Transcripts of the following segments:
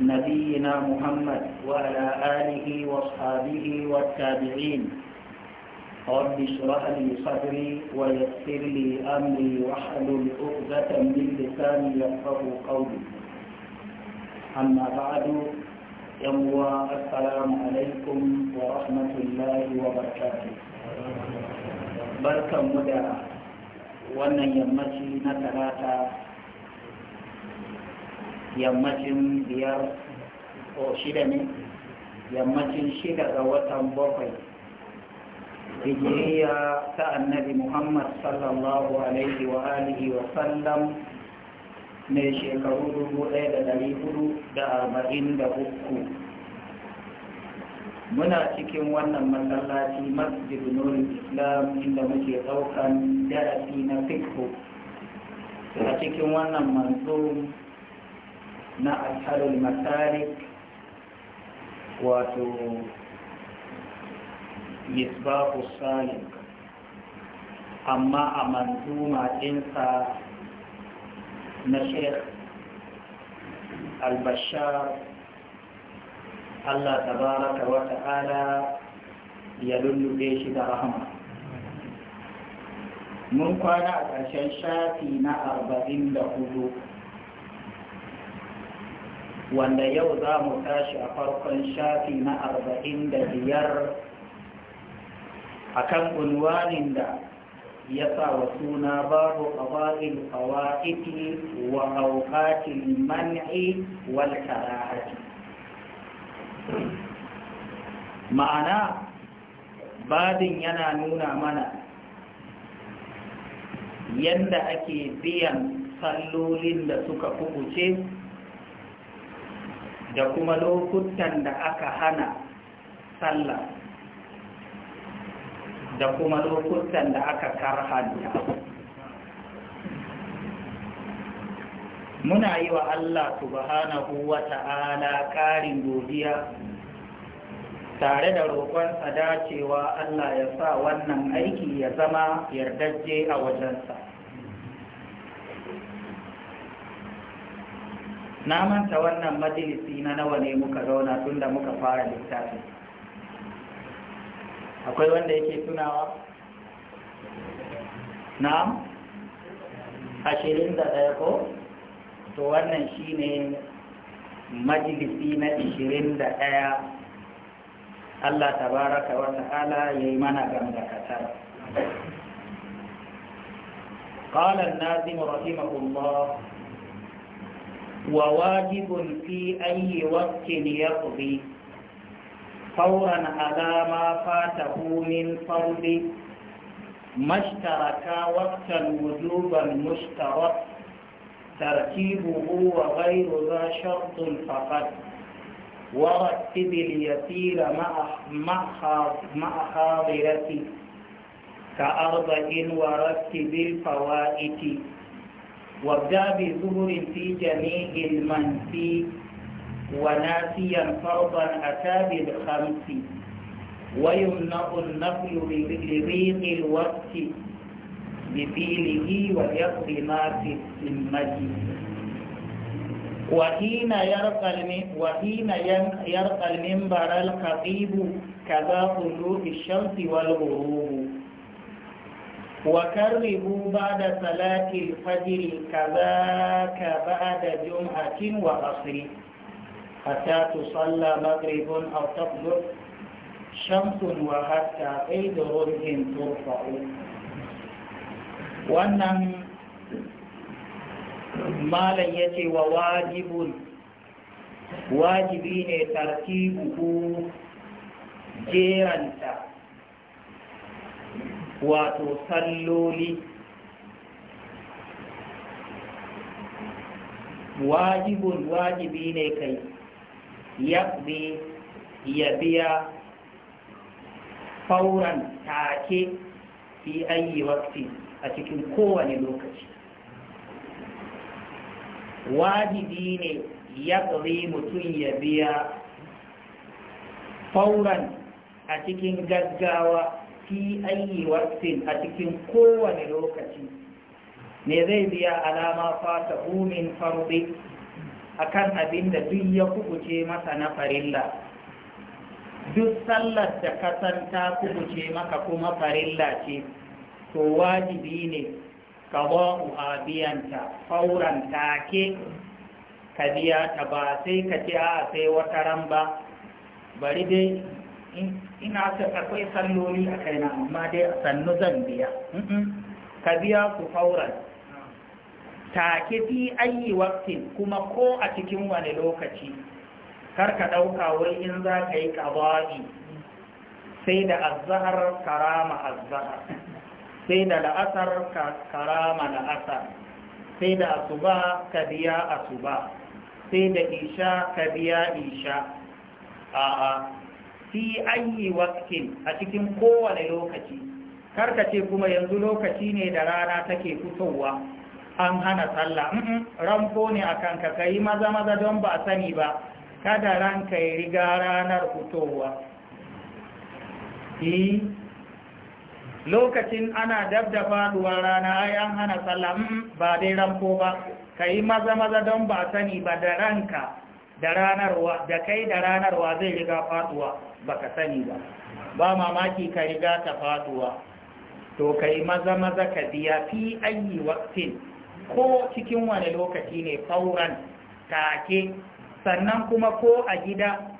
نبينا محمد وعلى آله واصحابه والتابعين رب اشرح لي صدري ويسر لي أمري واحلل الأقزة من لساني يفقه قولي أما بعد يموى السلام عليكم ورحمة الله وبركاته بركة مدى wannan يمشي نتلاتا yammacin biyar ko shida ne yammacin shida ga watan bakwai hijiriya ta annabi muhammad sallallahu alaihi wa alihi wa sallam ne shekaru dubu ɗaya da ɗari hudu da arba'in da uku muna cikin wannan masallaci masjid nurul islam inda muke ɗaukan darasi na fikhu a cikin wannan manzo na alhalul masalik wato misbahu salim amma a manzuma ɗinsa na sheikh albashar allah tabaraka wa ta'ala ya lullube shi da rahama mun kwana a ƙarshen shafi na arba'in da hudu wanda yau za mu tashi a farkon shafi na arba'in da biyar a kan unwanin da ya sa wa suna babu ƙawa'il ƙawa'iki wa auƙatin man'i wal karahati ma'ana babin yana nuna mana yadda ake biyan sallolin da suka kubuce da kuma lokutan da aka hana sallah da kuma lokutan da aka karhanta muna yi wa Allah subhanahu wa ta'ala ƙarin godiya tare da roƙon sadacewa Allah ya sa wannan aiki ya zama yardajje a wajensa na manta wannan majalisi na nawa ne muka zauna tun da muka fara littafi? akwai wanda yake tunawa na ashirin da ɗaya ko to wannan shi ne majalisi na ashirin da ɗaya Allah tabaraka wa ala ya yi mana katar قال الناظم رحمه الله wa waji bun fi ayi wakil ya kubi fauran alama fata hunin fauli mashtaraka wakil wujuban mashtarar tarkibu huwa gairu za shaftun fafad wa wakil ya tira ma'akhabirati ka arba'in wa wakil fawa iti وابدأ بظهر في جميع المنسي وناسيا فرضا أتى بالخمس ويمنع النقل لريق الوقت بفيله وليقضي ما في الذمة وحين يرقى وحين يرقى المنبر الخطيب كذا طلوع الشمس والغروب وكرموا بعد صلاة الفجر كذاك بعد جمعة وعصر حتى تصلى مغرب أو تطلع شمس وحتى قيد رمح ترفع wannan malam ya ce wa wajibun wajibi ne tartibu jeranta wato salloli wajibun wajibi ne kai bi ya biya fauran take fi ayi wakti a cikin kowane lokaci wajibi ne yaɓe mutum ya biya fauran a cikin gaggawa fi ayi waqtin a cikin kowane lokaci ne zai biya alama fata min farbi akan abin da duk ya kubuce masa na farilla duk sallar da ka ta kubuce maka kuma farilla ce to wajibi ne ka ba uhabiyanta fauran take ka biya ta ba sai ka ce a sai wata ran ba bari dai ina ta akwai salloli a kaina amma dai a sannu zan biya ka biya ku fauran take fi ayi waktin kuma ko a cikin wani lokaci kar ka ɗauka wai in za ka yi ƙaba'i sai da azahar karama azahar sai da la'asar karama la'asar sai da asuba ka biya asuba sai da isha ka biya isha a'a fi ayi waqtin a cikin kowane lokaci karka ce kuma yanzu lokaci ne da rana take fitowa an hana sallah ranko ne akan ka kai maza maza don ba sani ba kada ranka ya riga ranar fitowa eh, lokacin ana dab da rana ai an hana sallah ba dai ranko ba kai maza maza don ba sani ba da ranka da ranarwa da kai da ranarwa zai riga faduwa baka sani ba ba mamaki ka riga ta faduwa to kai maza maza ka biya fi ayi waqtin ko cikin wani lokaci ne fauran take sannan kuma ko a gida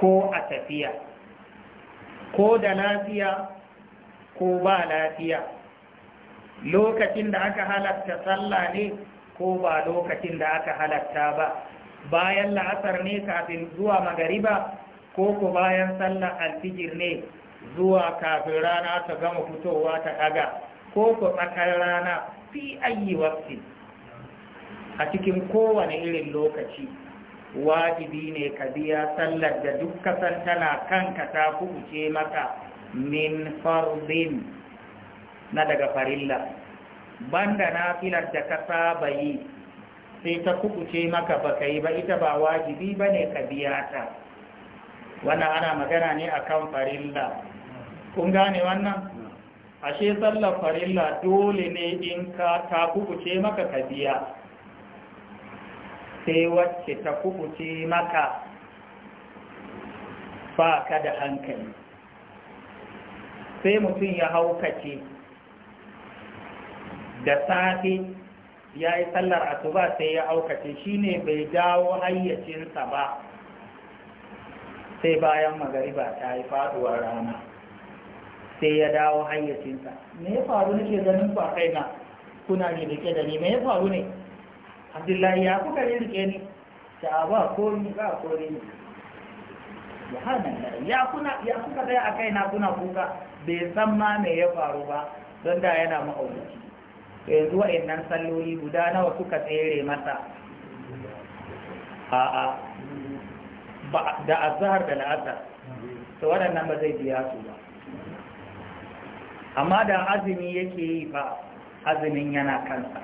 ko a tafiya ko da lafiya ko ba lafiya lokacin da aka halatta sallah ne ko ba lokacin da aka halatta ba bayan la'asar ne kafin zuwa magariba ko ku bayan sallar alfijir ne zuwa kafin rana ta gama fitowa ta daga ko ku tsakar rana fi ayi a cikin kowane irin lokaci wajibi ne ka biya sallar da duk kasan tana kanka ta kuɓuce maka min fardin na daga farilla banda na filar da ka saba yi sai ta kubuce maka baka yi ba ita ba wajibi ba ne ka biya ta wannan ana magana ne a kan farilla kun gane wannan ashe sallar farilla dole ne in ka ta kubuce maka ka biya sai wacce ta kubuce maka ba ka da hankali sai mutum ya haukace da safe ya yi sallar tuba sai ya aukace shine bai dawo hayyacinsa ba sai bayan magariba ta yi faduwar rana sai ya dawo hayyacinsa me ya faru nake ganin ba kaina kuna ne ke da ni me ya faru ne abdullahi ya kuka rike ni ta ba kori ba kori ne ya kuna ya kuka tsaya a kaina kuna kuka bai san ma me ya faru ba don da yana ma'aunaci. to yanzu wa'annan salloli guda nawa suka tsere masa a'a da azhar da la'asar to waɗannan ba zai biya su ba amma da azumi yake yi fa azumin yana kansa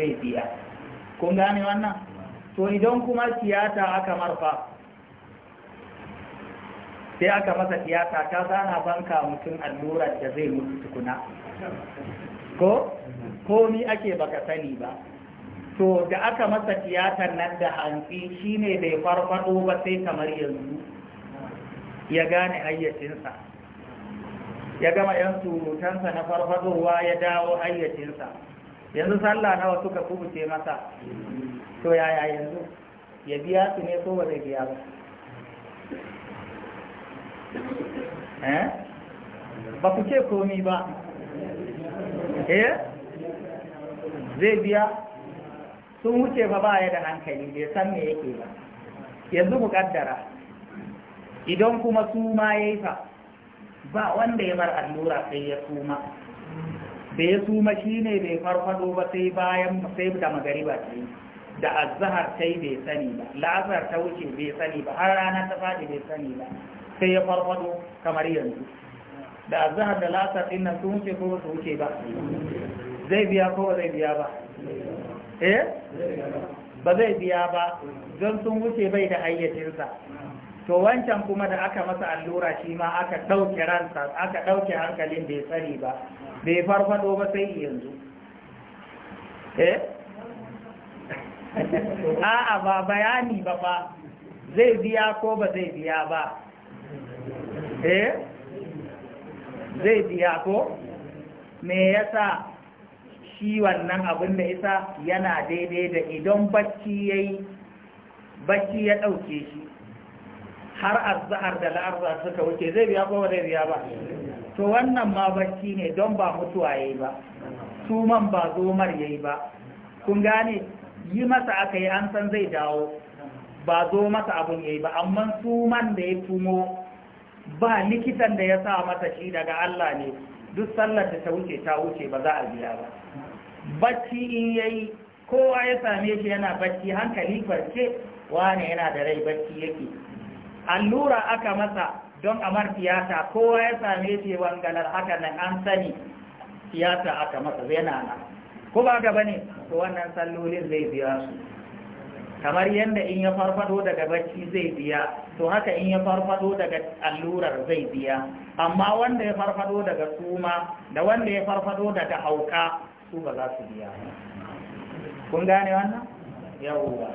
zai biya kun gane wannan to idan kuma tiyata aka marfa sai aka masa tiyata ta zana banka mutum allurar da zai mutu tukuna ko komi ake baka sani ba to da aka masa tiyatar nan da hantsi shine bai farfado ba sai kamar yanzu ya gane hayyacinsa ya gama yan surutansa na farfadowa ya dawo hayyacinsa yanzu sallah nawa suka kubuce masa to yaya yanzu ya biya su ne ko ba zai biya ba eh ba ku ce komi ba eh zai biya sun wuce fa ba ya da hankali bai san me yake ba yanzu mu kaddara idan kuma su ma yayi fa ba wanda ya bar allura sai ya suma da ya suma shine bai farfado ba sai bayan sai da magariba ta yi da azhar ta bai sani ba lazar ta wuce bai sani ba har rana ta faɗi bai sani ba sai ya farfado kamar yanzu da azhar da lasar din nan sun wuce ko su wuce ba zai biya ko zai biya ba eh ba zai biya ba don sun wuce bai da hayyacinsa to wancan kuma da aka masa allura shi ma aka ɗauke ransa aka ɗauke hankalin bai tsari ba bai farfado ba sai yanzu eh a'a ba bayani ba ba zai biya ko ba zai biya ba eh zai biya ko me yasa shi wannan abin da isa yana daidai da idan bacci ya bacci ya ɗauke shi har arzahar da la'arza suka wuce zai biya ko zai biya ba to wannan ma bacci ne don ba mutuwa ya yi ba suman ba zomar ya yi ba kun gane yi masa aka yi an san zai dawo ba zo masa abin ya yi ba amma suman da ya tumo ba likitan da ya sa masa shi daga Allah ne duk sallar da ta wuce ta wuce ba za a biya ba bacci in yayi kowa ya same shi yana bacci hankali farce wane yana da rai bacci yake allura aka masa don amar tiyata kowa ya same shi wangalar haka nan an sani tiyata aka masa yana na ko ba gaba ne to wannan sallolin zai biya su kamar yadda in ya farfado daga bacci zai biya to haka in ya farfado daga allurar zai biya amma wanda ya farfado daga suma da wanda ya farfado daga hauka su ba za su biya kun gane wannan yawwa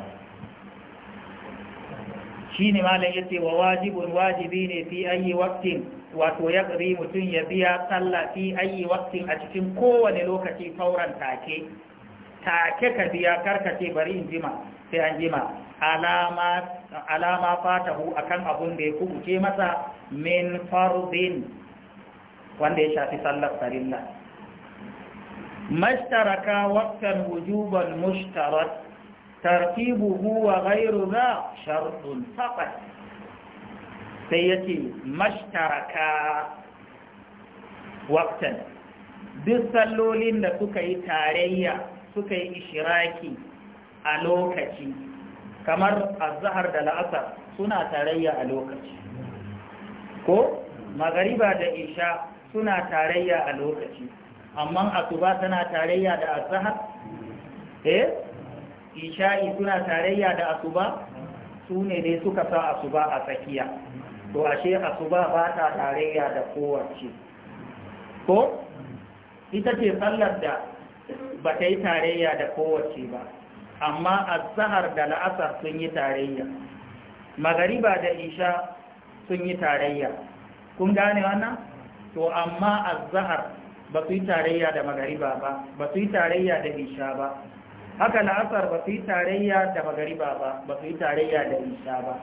shi ne malam yace wa wajibun wajibi ne fi ayi waktin wato ya ƙari mutum ya biya sallah fi ayi waktin a cikin kowane lokaci fauran take take ka biya karkace bari in jima sai an jima alama fatahu akan abun da ya kubuce masa min fardin wanda ya shafi sallar farilla mashtaraka waqtan wujuban mashtarar tartibu wa gairu za shartun faqat sai ce mashtaraka waqtan duk sallolin da suka yi tarayya suka yi ishiraki a lokaci kamar azahar da la'asar suna tarayya a lokaci ko magariba da isha suna tarayya a lokaci amma asuba tana tarayya da azahar eh isha'i suna tarayya da asuba su ne dai suka sa asuba a tsakiya to ashe asuba ba ta tarayya da kowace ko ita ce sallar da ba ta yi tarayya da kowace ba amma azhar da la'asar sun yi tarayya magariba da isha sun yi tarayya kun gane wannan to amma azhar ba su yi tarayya da magariba ba ba su yi tarayya da isha ba haka la'asar ba su yi tarayya da magariba ba ba su yi tarayya da isha ba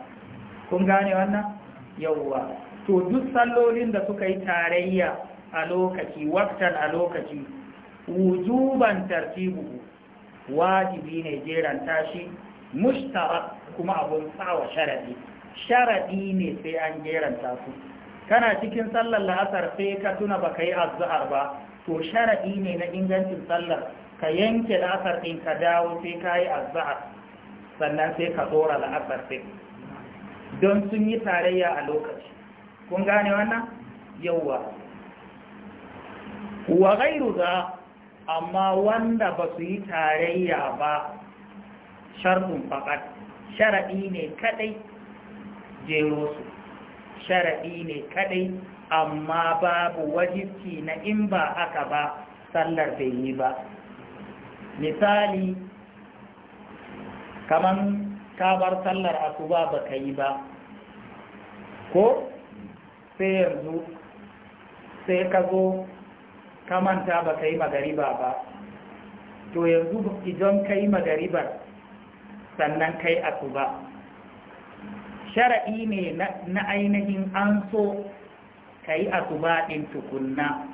kun gane wannan yawwa to duk sallolin da suka yi tarayya a lokaci waktan a lokaci wujuban tartibu wajibi ne jeranta shi mushtara kuma abun tsawa sharadi sharadi ne sai an jeranta su kana cikin sallar la'asar sai ka tuna ba ka yi azzuhar ba to sharadi ne na ingancin sallar ka yanke la'asar ɗin ka dawo sai ka yi azzuhar sannan sai ka tsora la'asar sai. don sun yi tarayya a lokaci kun gane wannan yauwa wa gairu za amma wanda ba su yi tarayya ba sharɗin faƙat sharaɗi ne kaɗai jero su sharaɗi ne kaɗai amma babu wajibci na in ba aka ba sallar bai yi ba misali kaman kabar sallar asuba ba ka yi ba ko sai yanzu sai ka zo ka manta ba ka yi magariba ba to yanzu idan ka yi magaribar sannan ka yi asuba shara'i ne na ainihin an so ka yi asuba ɗin tukunna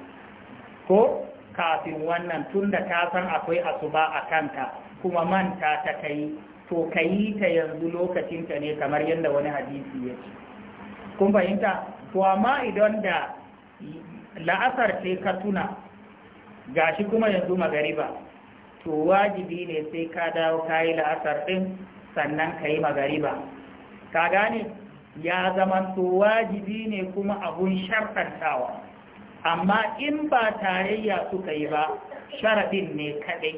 ko kafin wannan tun da ta san akwai asuba a kanka kuma manta ta kai to ka yi ta yanzu lokacinta ne kamar yadda wani hadisi ya ce kun fahimta to amma idan da la'asar ce ka tuna gashi kuma yanzu magariba to wajibi ne sai ka dawo ka yi la'asar ɗin sannan ka yi magariba ka gane ya zamanto wajibi ne kuma abun sharɗantawa amma in ba tarayya suka yi ba sharaɗin ne kaɗai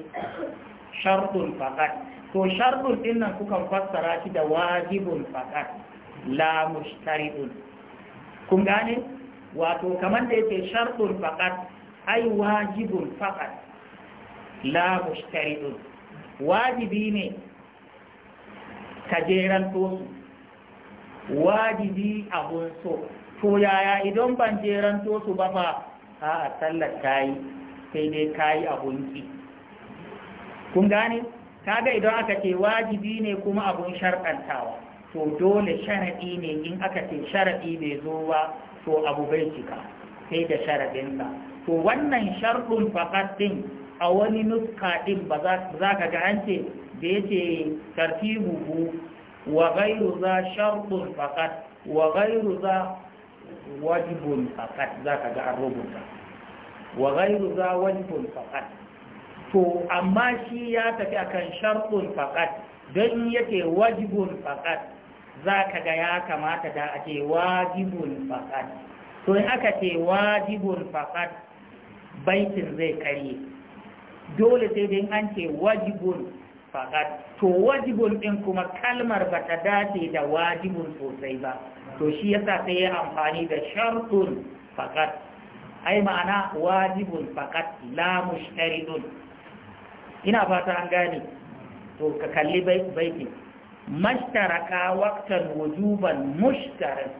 sharɗin faƙar to sharɗin ɗin nan kukan fassara shi da wajibin faƙar la mushtaridun kun gane wato kamar da yake sharɗin faƙar ai wajibun faqat la mushtaridun wajibi ne kajeran to su wajibi abun so to yaya idan ban jeran to su ba fa a sallar tayi sai dai kayi abun ki kun gane kaga idan aka ce wajibi ne kuma abun sharɗantawa to dole sharaɗi ne in aka ce sharaɗi bai zo ba to abu bai cika sai da sharaɗinsa to wannan sharɗin fakat ɗin a wani nuska ɗin ba za ka ga an ce da ya ce tartibuhu wa gairu za sharɗin fakat wa gairu za wajibun fakat za ka ga an rubuta wa gairu za wajibun fakat to amma shi ya tafi akan sharɗin fakat don yake wajibun fakat za ka ga ya kamata da ake wajibun fakat to in aka ce wajibun fakat baitin zai karye dole sai dai an ce wajibun fakat to wajibun ɗin kuma kalmar ba ta dace da wajibun sosai ba to shi yasa sai ya amfani da shartun fakat ai ma'ana wajibun fakat la mushtaridun ina fata an gane to ka kalli baitin mashtaraka waqtan wujuban mushtarin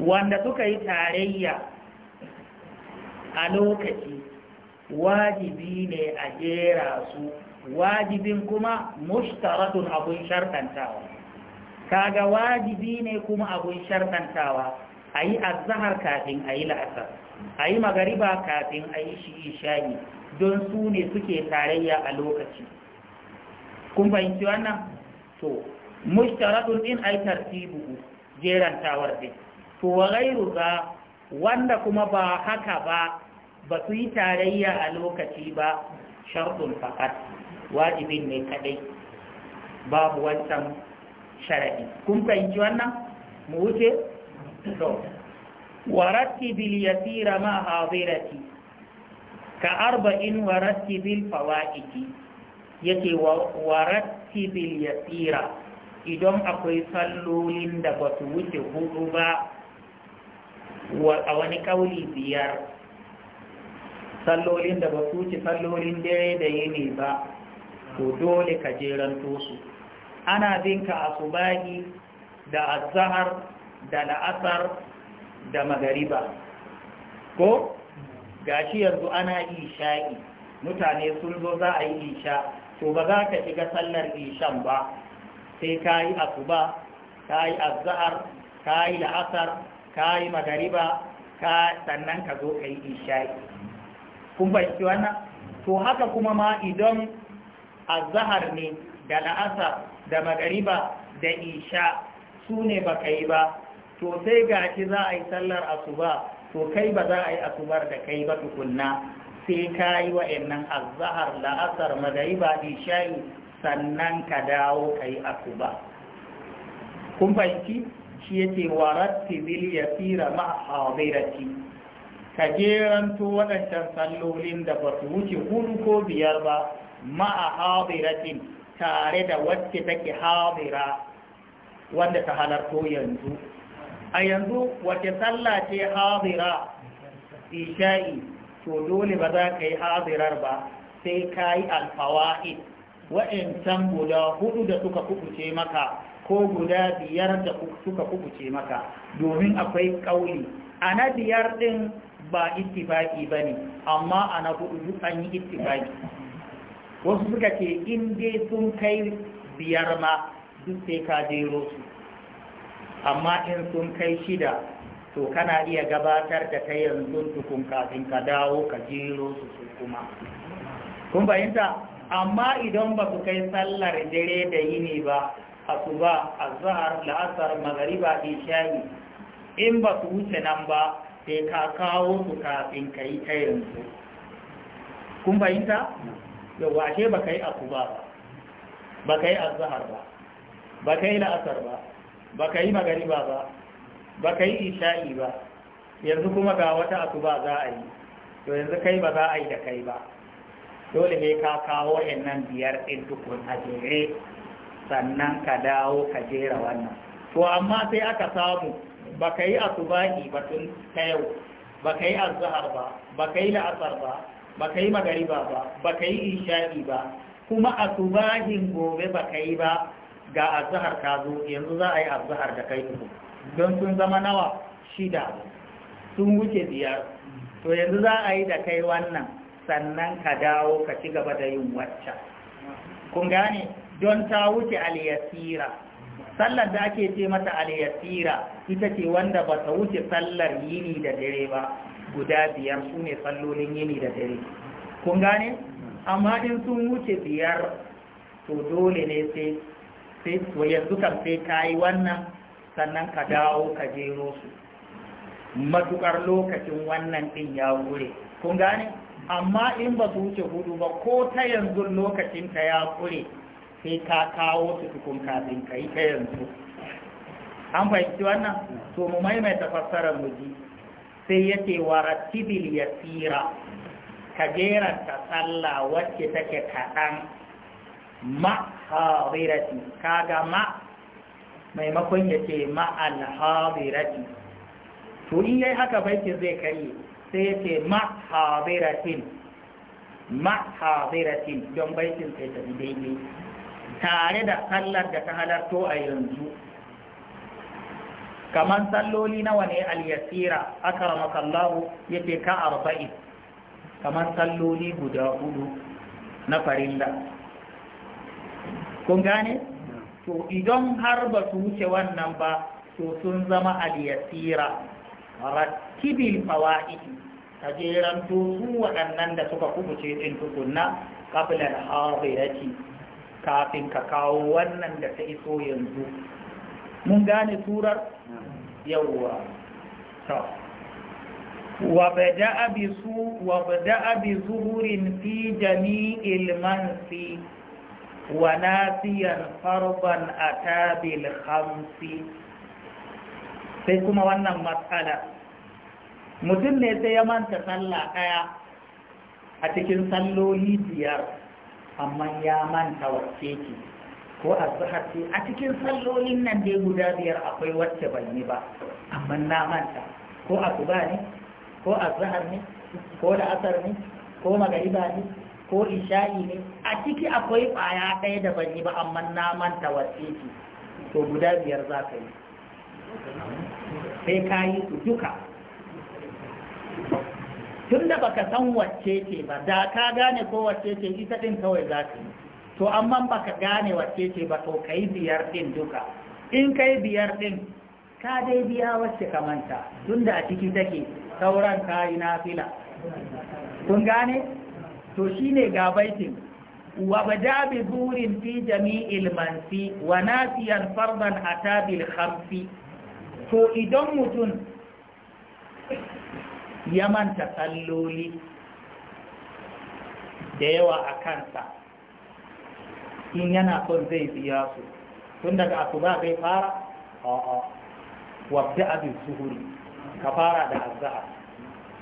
wanda suka yi tarayya a lokaci wajibi ne a jera su wajibin kuma mushtaratun abun shartantawa kaga wajibi ne kuma abun shartantawa a yi azahar kafin a yi la'asar a yi magariba kafin a yi shi shayi, don su ne suke tarayya a lokaci kun fahimci wannan to mushtaratun din yi tartibu jerantawar din to wa ga wanda kuma ba haka ba ba su yi tarayya a lokaci ba sharɗin fakat wajibin ne kadai babu wancan sharaɗi kun fahimci wannan mu wuce to warattibil yasira ma hadirati ka arba'in bil fawaiti yake warattibil yasira idan akwai sallolin da ba su wuce hudu ba a wani ƙauli biyar sallolin da ba su ci sallolin dare da yini ba to dole ka jeranto su ana binka asubahi da azahar da la'asar da magariba ko gashi yanzu ana isha'i mutane sun zo za a yi isha to ba za ka shiga sallar ishan ba sai ka yi asuba ka yi azahar ka yi la'asar ka yi magariba sannan ka zo ka yi isha'i kun shi wannan to haka kuma ma idan azahar ne da la'asa da magariba da isha su ne ba ka yi ba to sai ga shi za a yi sallar asuba to kai ba za a yi asubar da kai ba tukunna sai ka yi wa'annan azahar la'asar magariba isha sannan ka dawo ka yi asuba kun fahimci shi yake waratti bil yasira ma'a hadirati ka jeranto waɗancan sallolin da ba su wuce hudu ko biyar ba ma'a hadiratin tare da wacce take hadira wanda ta halarto yanzu a yanzu wace sallah ce hadira isha'i to dole ba za ka yi hadirar ba sai ka yi alfawa'id can guda hudu da suka kubuce maka ko guda biyar da suka kubuce maka domin akwai kauli a na biyar ɗin. ba ittifaki ba ne amma a na hudu an yi ittifaki wasu suka ce in dai sun kai biyar ma duk sai ka jero su amma in sun kai shida to kana iya gabatar da ta yanzu tukun kafin ka dawo ka jero su su kuma kun bayanta amma idan ba su kai sallar dare da yini ba a a azhar la'asar magariba isha'i in ba su wuce nan ba sai ka kawo su kafin ka yi ta yanzu kun fahimta yawa ashe ba ka yi aku ba ba ka yi azahar ba ba ka yi la'asar ba ba ka yi magariba ba ba ka yi isha'i ba yanzu kuma ga wata aku ba za a yi to yanzu kai ba za a yi da kai ba dole ne ka kawo nan biyar ɗin tukun a jere sannan ka dawo ka jera wannan to amma sai aka samu ba ka yi asubahi ba ta yau ba ka yi azahar ba ba ka yi la'asar ba ba ka yi magariba ba ba ka yi isha'i ba kuma asubahin gobe ba ka yi ba ga azahar ka zo yanzu za a yi azahar da kai uku don sun zama nawa shida sun wuce biyar to yanzu za a yi da kai wannan sannan ka dawo ka ci gaba da yin waccan kun gane don ta wuce aliyasira sallar da ake ce mata aliyasira ita ce wanda ba ta wuce sallar yini da dare ba guda biyar su ne sallolin yini da dare kun gane amma in sun wuce biyar to dole ne sai sai yanzu kan sai ka yi wannan sannan ka dawo ka jero su matukar lokacin wannan din ya gure kun gane amma in ba su wuce hudu ba ko ta yanzu lokacin ta ya gure sai ka kawo su tukun kafin ka yi ta yanzu an fahimci wannan to mu maimaita fassarar muji sai ya ce wa rattibil tsira. ka ta sallah wacce take kaɗan Ka ga ma maimakon ya ce alhaɗirati to in yai haka baikin zai kai sai ya ce ma haɗiratin don baikin sai ta daidai tare da sallar da ta halarto a yanzu kamar salloli nawa ne al-yasira ya fi ka arba'in kamar salloli guda hudu na farilla kun gane to idan har ba su wuce wannan ba to sun zama al-yasira rattibil fawa'iki ta jeran su waɗannan da suka kubuce ɗin tukunna qabla ya hadirati kafin ka kawo wannan da ta iso yanzu mun gane turar yawwa wabda'a bi zuhurin fi jami'il mansi wa nasiyar farban atabil khamsi sai kuma wannan matsala mutum ne sai ya manta sallah ɗaya a cikin salloli biyar amma ya manta wacce ce ko azhar ce a cikin sallolin nan dai guda biyar akwai wacce ban yi ba amma na manta ko asuba ne ko azhar ne ko asar ne ko magariba ne ko isha'i ne a ciki akwai baya ɗaya da ban yi ba amma na manta wacce ce to guda biyar za ka yi sai ka yi su duka tun da baka san wacce ce ba da ka gane ko wacce ce ita din kawai za ka yi to amma baka gane wacce ce ba to kai biyar din duka in kai biyar din ka dai biya wacce ka manta tun da a ciki take sauran yi na fila kun gane to ne ga baitin wa bada bi burin fi jami'il mansi wa nasiyan farban a tabil harfi to idan mutum ya manta salloli da yawa a kansa in yana son zai biya su tun daga asuba zai fara a'a wabda abin suhuri ka fara da azza'a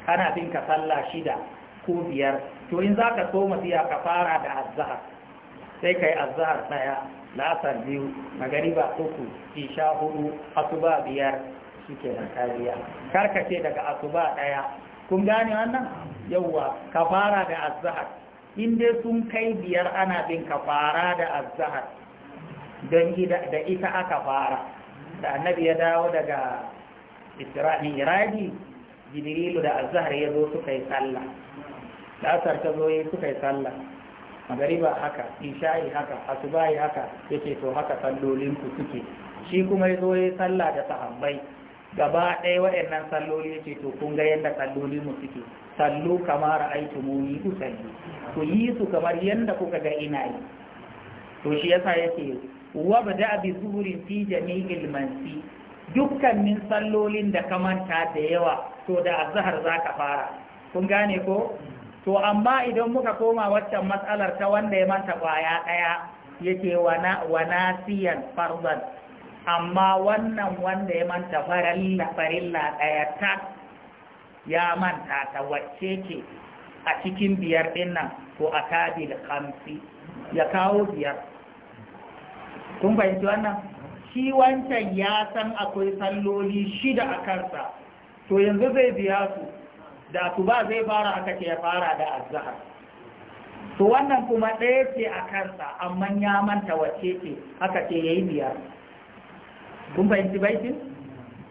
kana bin ka sallah shida ko biyar to in za ka soma mafiya ka fara da azza'a sai ka yi azza'a ɗaya la'asar biyu magariba uku isha hudu asuba biyar shi ke nan kariya karkace daga asuba ɗaya kun gane wannan yauwa kafara da azahar in dai sun kai biyar ana bin kafara da dan don da ita aka fara da annabi ya dawo daga isra'i iradi, jibril da azhar ya zo suka yi sallah da asar ta zo yi suka yi sallah magariba haka isha'i haka asuba'i haka yake to haka ku suke shi kuma ya zo sallah da sahabbai gaba ɗaya waɗannan salloli yake to kun ga yadda salloli mu suke sallo kamar aitu yi ku salli ku yi su kamar yadda kuka ga ina yi to shi yasa yake wa da abin zuhuri fi jami'il mansi dukkanin sallolin da ka manta da yawa to da azhar ka fara kun gane ko to amma idan muka koma waccan matsalar ta wanda ya manta kwaya ɗaya yake wana siyan farzan amma wannan wanda ya manta farilla farilla ɗaya ta ya manta ta wacce ce a cikin biyar dinnan ko a tabi da kamsi ya kawo biyar kun fahimci wannan shi wancan ya san akwai salloli shida a kansa to yanzu zai biya su da su ba zai fara aka ce ya fara da azahar to wannan kuma ɗaya ce a kansa amma ya manta wacce ce aka ce ya yi biyar kun fahimci baitin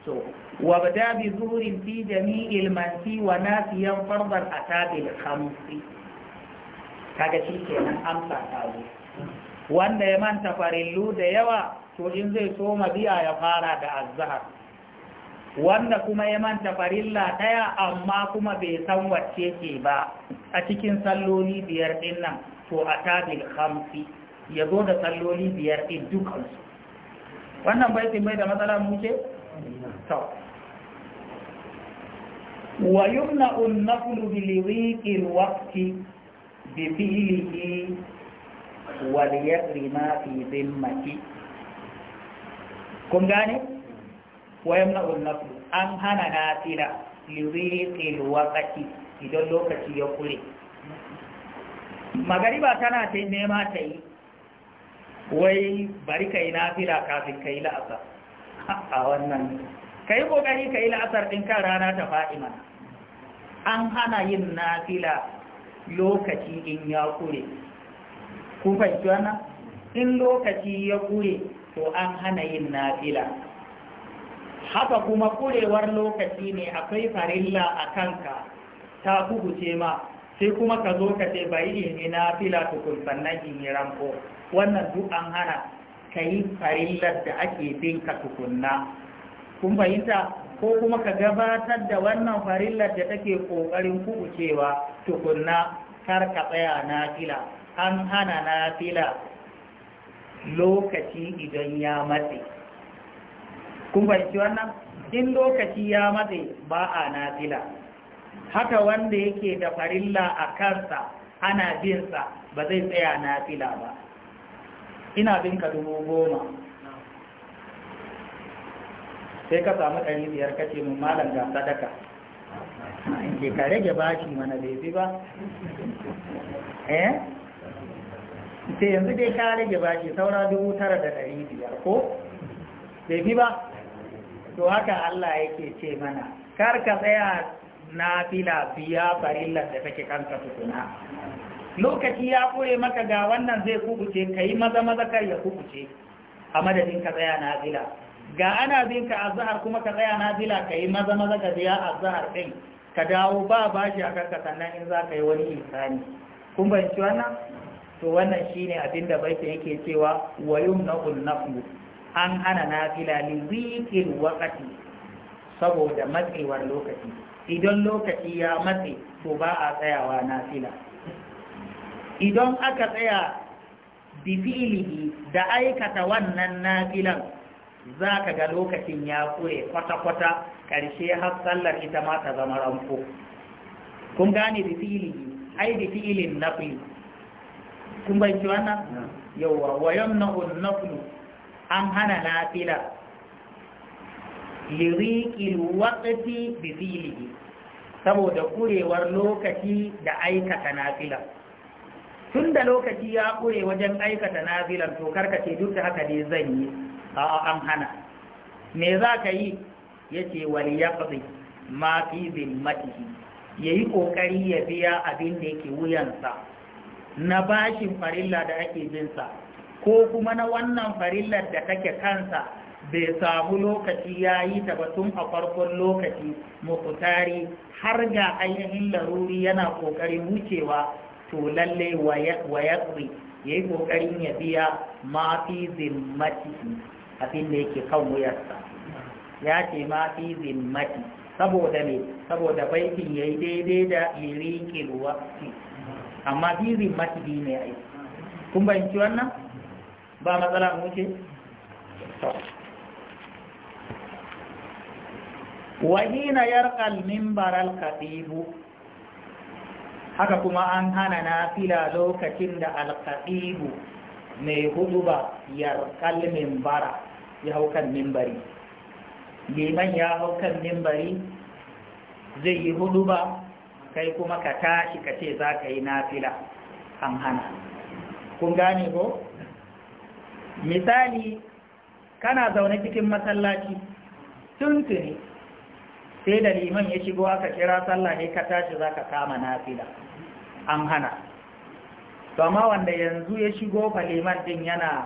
so wa bada bi zuhurin fi jami'il mansi wa nafiyan a tabil hamsi kaga shi kenan amsa ta zo wanda ya manta farillu da yawa to in zai soma biya ya fara da azhar wanda kuma ya manta farilla ɗaya amma kuma bai san wacce ke ba a cikin salloli biyar din nan to a tabil hamsi ya zo da salloli biyar din dukansu wannan bai mai da matsala mu ce wa yumna an-naflu bil riqil bi fi'lihi wa liyadri ma fi zimmati kun gane wa yumna an-naflu an hana nafila li riqil waqti idan lokaci ya kure magariba tana ta nema ta yi wai bari ka yi nafila kafin ka yi la'asar a wannan ka yi ƙoƙari ka yi la'asar ɗin kan rana ta fa'ima an hana yin nafila lokaci in ya kure ku fahimci wannan in lokaci ya kure to an hana yin nafila haka kuma kurewar lokaci ne akwai farilla a kanka ta kubuce ma sai kuma ka zo ka ce yi ne yi nafila tukun sannan in yi ranko wannan duk an hana ka yi farillar da ake ka tukunna kun fahimta ko kuma ka gabatar da wannan farillar da take ƙoƙarin kubucewa tukunna kar ka tsaya na fila an hana na fila lokaci idan ya matse kun fahimci wannan in lokaci ya matse ba a na fila haka wanda yake da farilla a kansa ana binsa ba zai tsaya na fila ba ina ɗinka dubu goma sai ka samu ɗari biyar kace mun malam ga sadaka ke ka rage bashi mana bai ba eh sai yanzu dai ka rage bashi saura dubu tara da ɗari biyar ko bai ba to haka Allah yake ce mana kar ka tsaya na fila biya farillar da take kanka tukuna lokaci ya kure maka ga wannan zai kubuce ka yi maza maza kar ya kubuce a madadin ka tsaya na zila ga ana bin ka azhar kuma ka tsaya na zila ka yi maza maza ka biya azhar ɗin ka dawo ba bashi a kanka sannan in za ka yi wani insani kun bayanci wannan to wannan shine abin da baita yake cewa wa na naflu an hana zila li zikil waqti saboda matsewar lokaci idan lokaci ya matse to ba a tsayawa na zila. idan aka tsaya filihi da aikata wannan nafilan za ka ga lokacin ya kure kwata-kwata ƙarshe har sallar ita ma ta zama ranko kun gane filihi ai na nafi kun banci wannan yauwa wayan na'un nafi an hana nafila liriƙil waƙafi filihi saboda kurewar lokaci da aikata nafila tun da lokaci ya ƙure wajen aikata nazilar to ce duk da haka ne zan yi a an hana me za ka yi ya ce wani ya fi mafi bin matihi ya yi ƙoƙari ya biya abin da yake wuyansa na bashin farilla da ake jinsa ko kuma na wannan farillar da take kansa bai samu lokaci ya yi ta ba tun a farkon lokaci mukutari har ga ainihin laruri yana ƙoƙarin wucewa to lalle wa ya yi ƙoƙarin ya biya mafi zimmati abin da yake kan wuyarsa ya ce mafi zimmati saboda ne saboda baikin ya yi daidai da liriqil waqti amma fi zimmati ne ai kun bayanci wannan ba matsala mu ce hina yarqal minbar al-khatibu haka kuma an hana na fila lokacin da alkaɗibu mai huduba yarkal bara ya hau kan mimbari liman ya hau kan mimbari zai yi ba kai kuma ka tashi ka ce za ka yi na fila an hana kun gane ko misali kana zaune cikin masallaci tuntuni sai da liman ya shigo aka kira sallah ne ka tashi za kama nafila an hana to amma wanda yanzu ya shigo fa liman din yana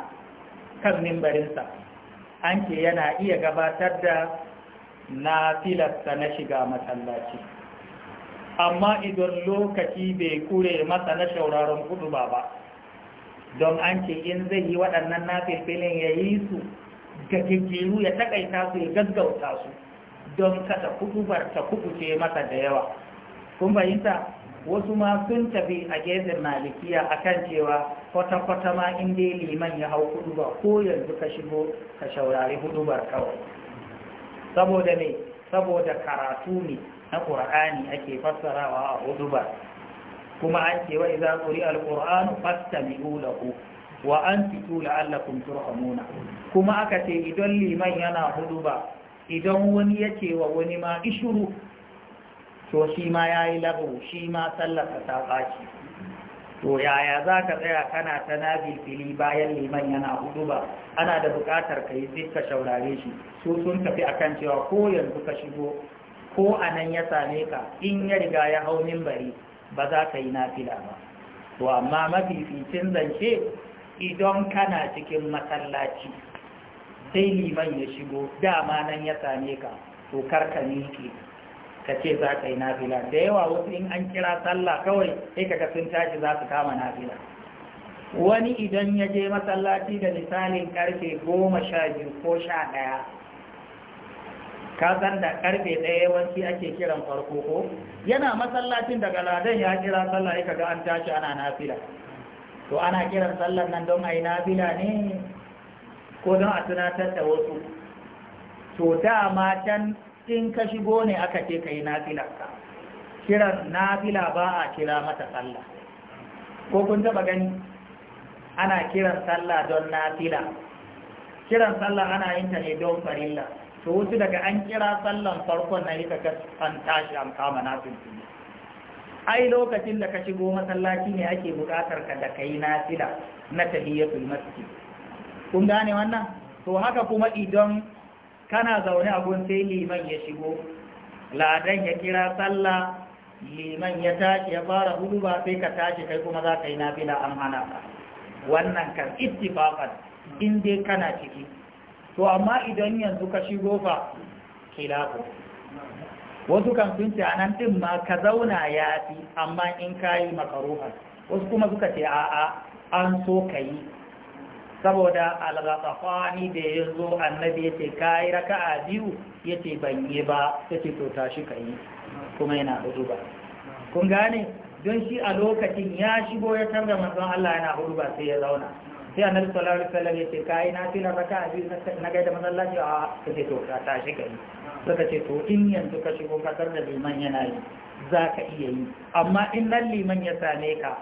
kan mimbarinsa an ce yana iya gabatar da nafilarsa na shiga masallaci amma idan lokaci bai kure masa na shauraron kudu ba ba don an ce in zai yi waɗannan nafilfilin ya yi su ga ya taƙaita su ya gaggauta su don kada kutubar ta kubuce masa da yawa kun fahimta wasu ma sun tafi a gefen malikiya kan cewa kwata-kwata ma in dai liman ya hau kuduba ko yanzu ka shigo ka shaurari hudubar kawai saboda ne saboda karatu ne na ƙur'ani ake fassarawa a hudubar kuma an ce wa iza quri fasta fastami'u lahu wa an fito la'allakum turhamuna kuma aka ce idan liman yana huduba idan wani ya ce wa wani ma ishuru to shi ma ya yi lagu shi ma sallarsa ta ɓaci to yaya za ka tsaya kana ta nabi bayan liman yana hudu ba ana da bukatar ka yi zika shaurare shi su sun tafi a kan cewa ko yanzu ka shigo ko a nan ya same ka in ya riga ya hau mimbari ba za ka yi nafila ba to amma mafificin zance idan kana cikin masallaci sai liman ya shigo dama nan ya same ka to karka miƙe ka ce za ka yi nafila da yawa wasu in an kira sallah kawai sai ka sun tashi za su kama nafila wani idan ya je masallaci da misalin karfe goma sha biyu ko sha ɗaya ka san da karfe ɗaya yawanci ake kiran farko ko yana masallacin daga ladan ya kira sallah ya ga an tashi ana nafila to ana kiran sallar nan don a yi nafila ne ko don a tunatar da wasu to dama can in ka shigo ne aka ce ka yi nafilarka kiran nafila ba a kira mata sallah ko kun taba gani ana kiran sallah don nafila kiran sallah ana yin ta ne don farilla to wasu daga an kira sallan farkon na yi ka an tashi an kama nafin ai lokacin da ka shigo masallaci ne ake bukatar ka da kai nafila na tahiyatul masjid kun gane wannan to haka kuma idan kana zaune a gun sai liman ya shigo ladan ya kira sallah liman ya tashi ya fara hudu ba sai ka tashi kai kuma za ka yi nafila an hana ka wannan kan ittifaqan in dai kana ciki to amma idan yanzu ka shigo fa kilafu wasu kan sun ce anan din ma ka zauna ya fi amma in kayi makaruha wasu kuma suka ce a'a an so ka yi saboda alghatafani da ya zo annabi ya ce ka yi raka a biyu ya ce ban yi ba ya ce to tashi ka yi kuma yana hudu ba kun gane don shi a lokacin ya shigo ya tarda manzon Allah yana hudu ba sai ya zauna sai annabi sallallahu alaihi wasallam ya ce ka yi na fila raka a biyu na ga da masallaci a ka ce to ka tashi ka yi suka ce to in yanzu ka shigo ka da liman yana yi za ka iya yi amma in nan liman ya same ka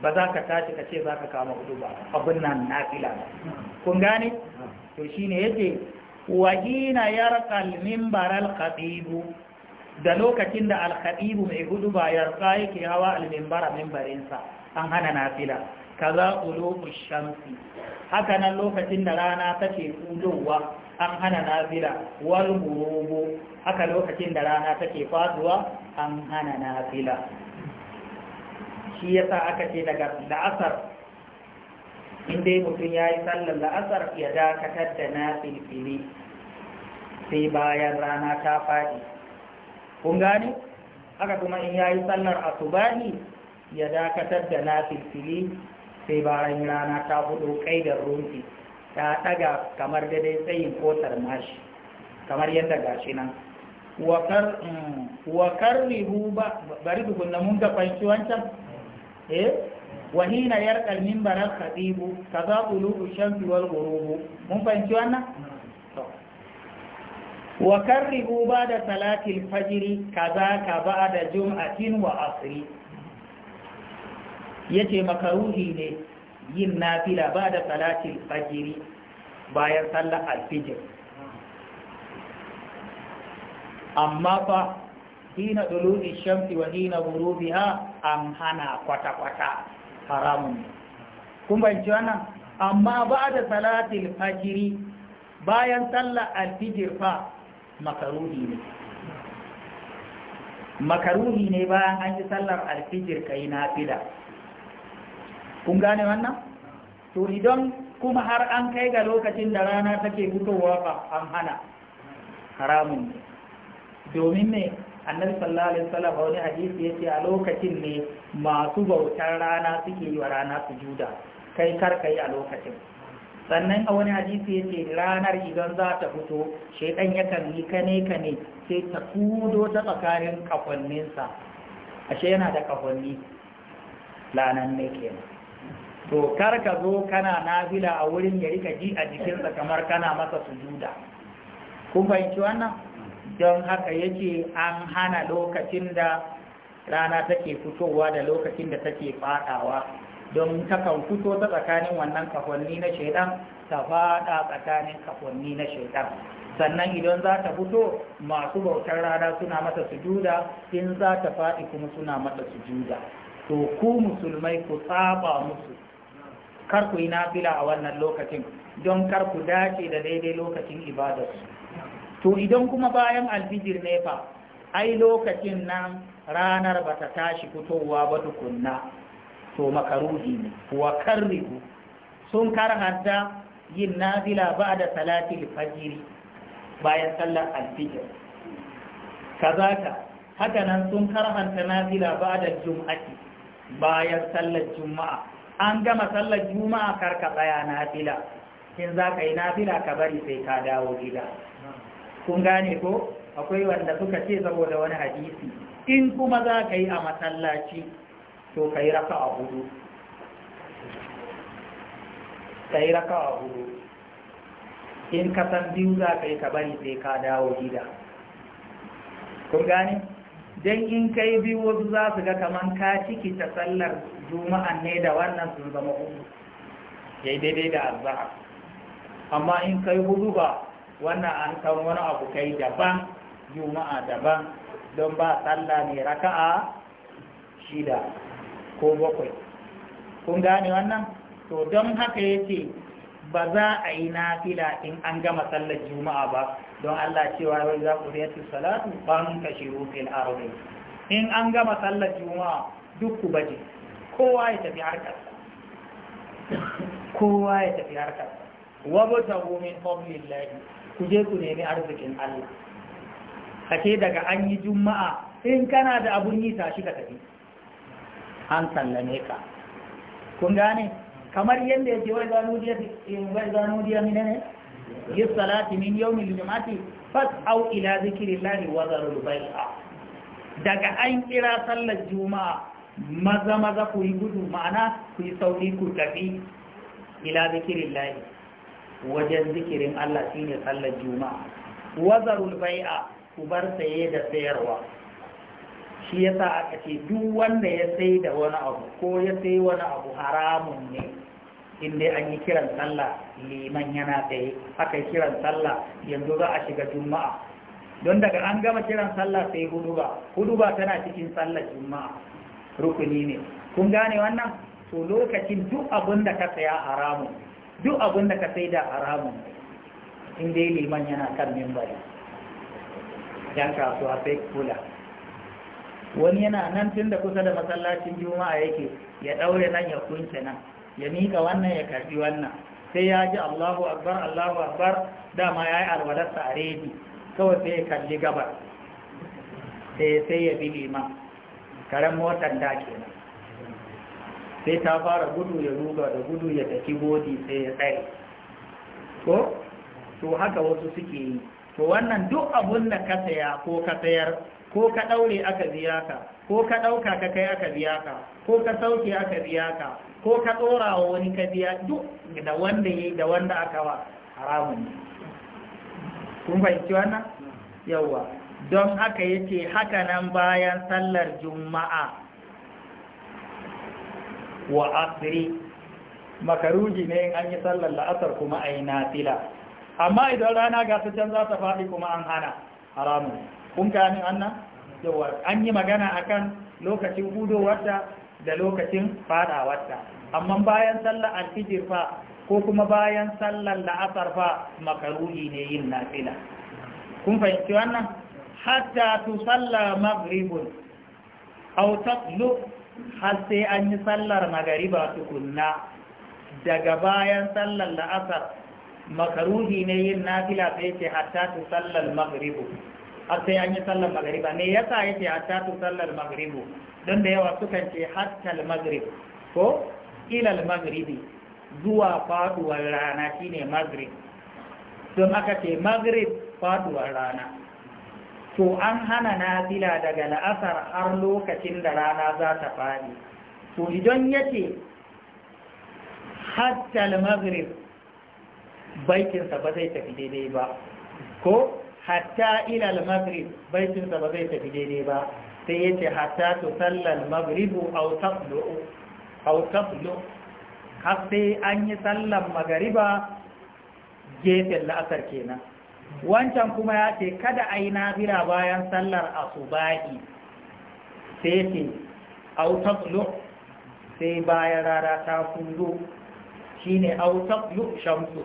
ba za ka tashi ka ce za ka kama hudu ba abin nan na fila ba kun gane to shi shine yace wajina yarqal minbar al khatibu da lokacin da al mai hudu ba yarqa yake hawa al minbara minbarin an hana na nafila kaza ulo shamsi haka nan lokacin da rana take kudowa an hana na fila. wal ghurubu haka lokacin da rana take faduwa an hana na fila. shi ya sa aka ce daga la'asar inda mutum ya yi sallar la'asar ya dakatar da na filfili sai bayan rana ta faɗi kun gani haka kuma in ya yi sallar asubani, ya dakatar da na filfili sai bayan rana ta hudu kai da rumfi ta ɗaga kamar dai tsayin kotar mashi kamar yadda gashi nan wakar mm, rihu ba bari tukunna mun ga kwanci wancan wahina yarqal minbar al-khatib kaza ulu shamsi wal ghurub mun fahimci wannan wa karrihu ba'da salati al-fajr kaza ka ba'da jum'atin wa asri yace makaruhi ne yin nafila ba'da salati al-fajr bayan sallar al-fajr amma fa hina dulu'i shamsi wa hina ghurubiha an hana kwata-kwata haramun kun wannan amma ba da salatil fajiri bayan sallar alfijir fa makaruhi ne makaruhi ne bayan an yi sallar alfijir kai na fida kun gane wannan to idan kuma har an kai ga lokacin da rana take fitowa fa an hana haramun ne domin ne annabi sallallahu alaihi wasallam wani hadisi yace a lokacin ne masu bautar rana suke yi wa rana juda, kai kar kai a lokacin sannan a wani hadisi yace ranar idan za ta fito shaytan yakan yi kane kane sai ta kudo ta tsakanin kafanninsa ashe yana da kafanni lanan ne ke. to kar ka zo kana nafila a wurin ya rika ji a jikinsa kamar kana masa sujuda kun fahimci wannan don haka yake an hana lokacin da rana take fitowa da lokacin da take fadawa don takan fito ta tsakanin wannan kafonni na shaidan ta fada tsakanin kafonni na shaidan sannan idan za ta fito masu bautar rana suna mata sujuda in za ta faɗi kuma suna mata sujuda to ku musulmai ku tsaba musu kar ku yi nafila a wannan lokacin don kar ku dace da daidai lokacin ibadarsu to idan kuma bayan alfijir ne fa ai lokacin nan ranar ba ta tashi fitowa ba tukunna to makaruhi ne wa karrihu sun karhanta yin nazila ba da salatil fajiri bayan sallar alfijir kazaka haka nan sun karhanta nazila ba da jum'ati bayan sallar juma'a an gama sallar juma'a karka tsaya nafila Kin za ka yi nafila ka bari sai ka dawo gida kun gane ko akwai wanda suka ce saboda wani hadisi in kuma za ka yi a masallaci to ka yi raka a hudu ka yi raka a hudu in ka san biyu za ka yi ka bari sai ka dawo gida kun gane don in ka yi biyu wasu za su ga kamar ka ciki ta sallar juma'an ne da wannan sun zama hudu ya yi daidai da azza'a amma in ka yi hudu ba wannan an san wani abu kai daban juma'a daban don ba sallah ne raka'a shida ko bakwai kun gane wannan to don haka yace ba za a yi nafila in an gama sallar juma'a ba don Allah cewa wai za ku riyatu salatu ban kashiru fil ardi in an gama sallar juma'a duk ku baje kowa ya tafi harkarsa kowa ya tafi harkarsa wabtahu min fadlillahi ku je ku nemi arzikin Allah kace daga an yi juma'a in kana da abun yi shi ka tafi an sallame ka kun gane kamar yadda yake wai zanu diya eh, wai zanu diya minane yi salati min yau yawmin Fas au ila zikirin wa zarul bai'a daga an kira sallar juma'a maza maza ku yi gudu ma'ana ku yi sauri ku tafi ila zikrillahi wajen zikirin Allah shine sallar juma'a wazarul bai'a ku bar saye da sayarwa shi ya sa aka ce duk wanda ya sai da wani abu ko ya sai wani abu haramun ne inda an yi kiran sallah liman yana tsaye aka yi kiran sallah yanzu za a shiga juma'a don daga an gama kiran sallah sai huduba huduba tana cikin sallar juma'a rukuni ne kun gane wannan to lokacin duk abin da ka saya haramun duk abin da ka sai da haramun inda dai liman yana kan mimbari yan kasuwa sai kula wani yana nan tun da kusa da masallacin juma'a yake ya ɗaure nan ya kunce nan ya miƙa wannan ya karɓi wannan sai ya ji allahu akbar allahu akbar dama ya yi alwadarsa a redi kawai sai ya kalli gabar sai ya bi liman karen motar da kenan sai ta fara gudu ya ruga da gudu ya daki bodi sai ya tsaye ko to haka wasu suke yi to wannan duk abun da ka saya ko ka sayar ko ka daure aka biya ka ko ka dauka ka kai aka biya ka ko ka sauke aka biya ka ko ka dora wa wani ka biya duk da wanda yayi da wanda aka wa haramun ne kun fahimci wannan yawa don haka yace haka nan bayan sallar juma'a wa asiri makaruji ne an yi sallar la'asar kuma a yi nafila amma idan rana ga su can za ta faɗi kuma an hana haramun kun gani annan yawa an yi magana akan lokacin wata da lokacin faɗawarta amma bayan sallar alfijir fa ko kuma bayan sallar la'asar fa makaruji ne yin nafila kun fahimci wannan hatta tu sallar maghribun aw tatlu har sai an yi sallar magariba tukunna daga bayan sallar la'asar makaruhi ne yin nafila sai ce hatta tu sallar magaribu har sai an yi sallar magariba ne ya sa ya ce hatta tu sallar magaribu don da yawa kan ce hatta magrib ko ilal magribi zuwa faduwar rana shine magrib don aka ce magrib faduwar rana to an hana nafila daga la'asar har lokacin da rana za ta faɗi to idan yake hatta al-maghrib baitinsa ba zai tafi daidai ba ko hatta ila al-maghrib baitinsa ba zai tafi daidai ba sai yace hatta to sallal maghrib aw taqdu aw taqdu har sai an yi sallan magariba gefen la'asar kenan wancan kuma ya ce kada a yi nazira bayan sallar asubahi sai ce autablu sai bayan rara ta kunzo shi ne autablu shamsu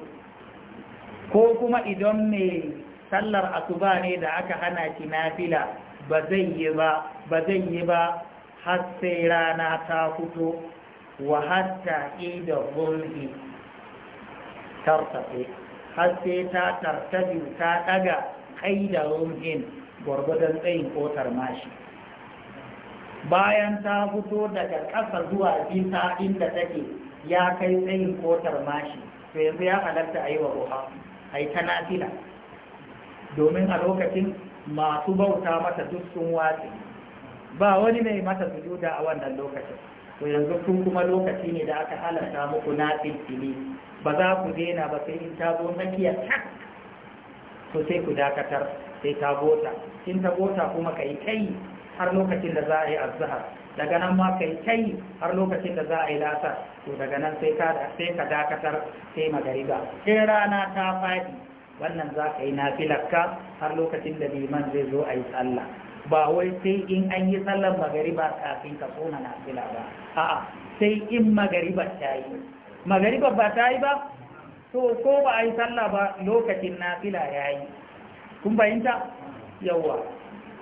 ko kuma idan mai sallar asuba ne da aka hana shi nafila ba zai yi ba zai yi ba har sai rana ta fito wa hatta idan bulhi tartafe har sai ta tartabi ta daga kaidarun hin gwargwadon tsayin kotar mashi bayan ta fito daga ƙasa zuwa bisa inda take ya kai tsayin kotar mashi to yanzu ya halatta a yi wa ruha a ta nafila domin a lokacin masu bauta mata duk sun watsi ba wani mai mata sujuda a wannan lokacin to yanzu tun kuma lokaci ne da aka halatta muku na filfili ba za ku daina ba sai in ta zo tak to sai ku dakatar sai ta gota in ta kuma ka kai har lokacin da za a yi azhar daga nan ma ka kai har lokacin da za a yi lasar to daga nan sai ka dakatar sai magariba sai rana ta faɗi wannan za ka yi nafilarka har lokacin da liman zai zo a yi sallah ba wai sai in an yi sallar magariba kafin ka tsona na fila ba a'a sai in magariba ta yi magariba ba ta yi ba to ko ba a yi sallah ba lokacin na fila ya yi kun bayanta yawa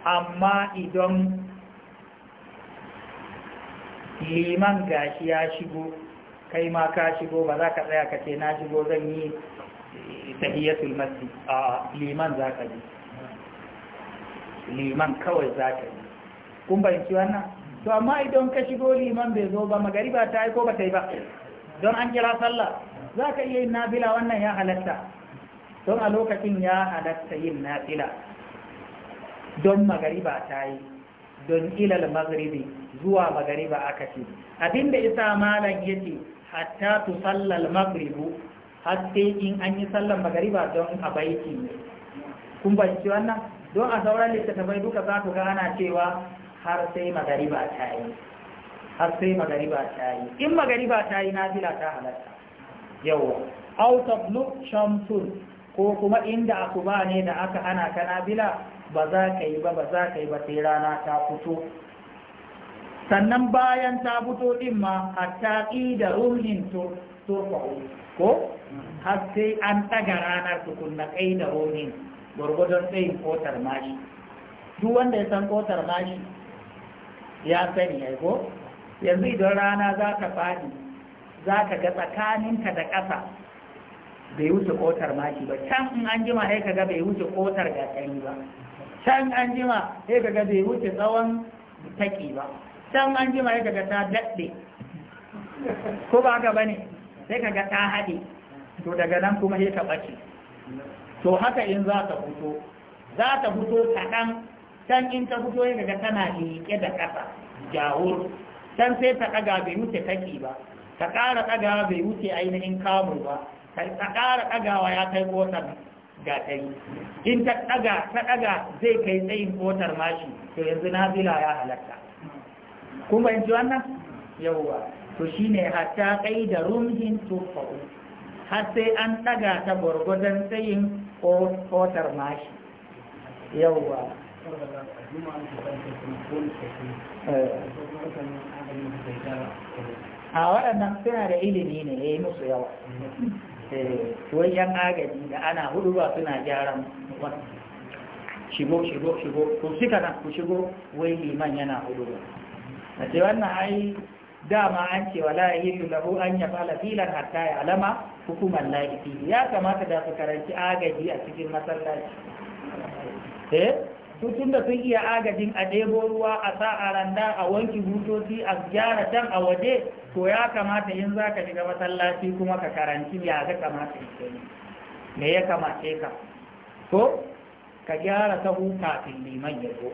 amma idan liman gashi ya shigo kai ma ka shigo ba za ka tsaya ka ce na shigo zan yi tahiyatul masjid a liman za ka ji liman kawai za ta yi kun bayanci wannan to amma idan ka shigo liman bai zo ba magariba ta yi ko ba ta yi ba don an kira sallah za ka iya yin nafila wannan ya halatta don a lokacin ya halatta yin nafila don magariba ta yi don ilal magribi zuwa magariba aka ce abinda isa malam yace hatta tu sallal magribu har sai in an yi sallan magariba don a baiti ne kun bayanci wannan don a sauran littattafai duka za ku gana cewa har sai magariba ta yi har sai magariba ta yi in magariba ta yi nafila ta halatta yawa out of look champion ko kuma inda aku ba ne da aka hana ka nafila ba za ka yi ba ba za ka yi ba sai rana ta fito sannan bayan ta fito din ma hatta da ruhin to ko har sai an ɗaga ranar tukunna kai da ruhin gwargwadon tsayin kotar mashi duk wanda ya san kotar mashi ya sani ya ko yanzu idan rana za ka faɗi za ka ga tsakaninka da ƙasa bai wuce kotar mashi ba can in an jima ya kaga bai wuce kotar gatsari ba can an jima ya kaga bai wuce tsawon taƙi ba can an jima ya kaga ta daɗe ko ba ka bane sai ka ga ta haɗe to daga nan kuma sai ka ɓace to haka in za ta fito za ta fito kaɗan can in ta fito ya daga tana liƙe da ƙasa jawur can sai ta ɗaga bai wuce taƙi ba ta ƙara ɗaga bai wuce ainihin kamu ba ta ƙara ɗagawa ya kai kotar ga in ta ɗaga ta ɗaga zai kai tsayin kotar mashi to yanzu na bila ya halatta kun bayanci wannan yawwa to shine hatta kai da rumhin tufa'u har sai an ɗaga ta gwargwadon tsayin Kotar mashi mashi yauwa eh. a waɗannan suna da ilimi ne ya eh, yi musu yawa eh, 'yan agaji da ana hudu ba suna gyaran shigo shigo shigo ku ka na ku shigo wai liman yana hudu ba a ce wannan ai dama an ce wala yahillu lahu an fala filan hatta ya hukuman hukumar fihi ya kamata da su karanci agaji a cikin masallaci eh tun da sun iya agajin a ɗebo ruwa a sa a randa a wanki butoci a gyara can a waje to ya kamata in za ka shiga masallaci kuma ka karanci ya ga kamata me ya kamata ka ko ka gyara sahu kafin liman ya zo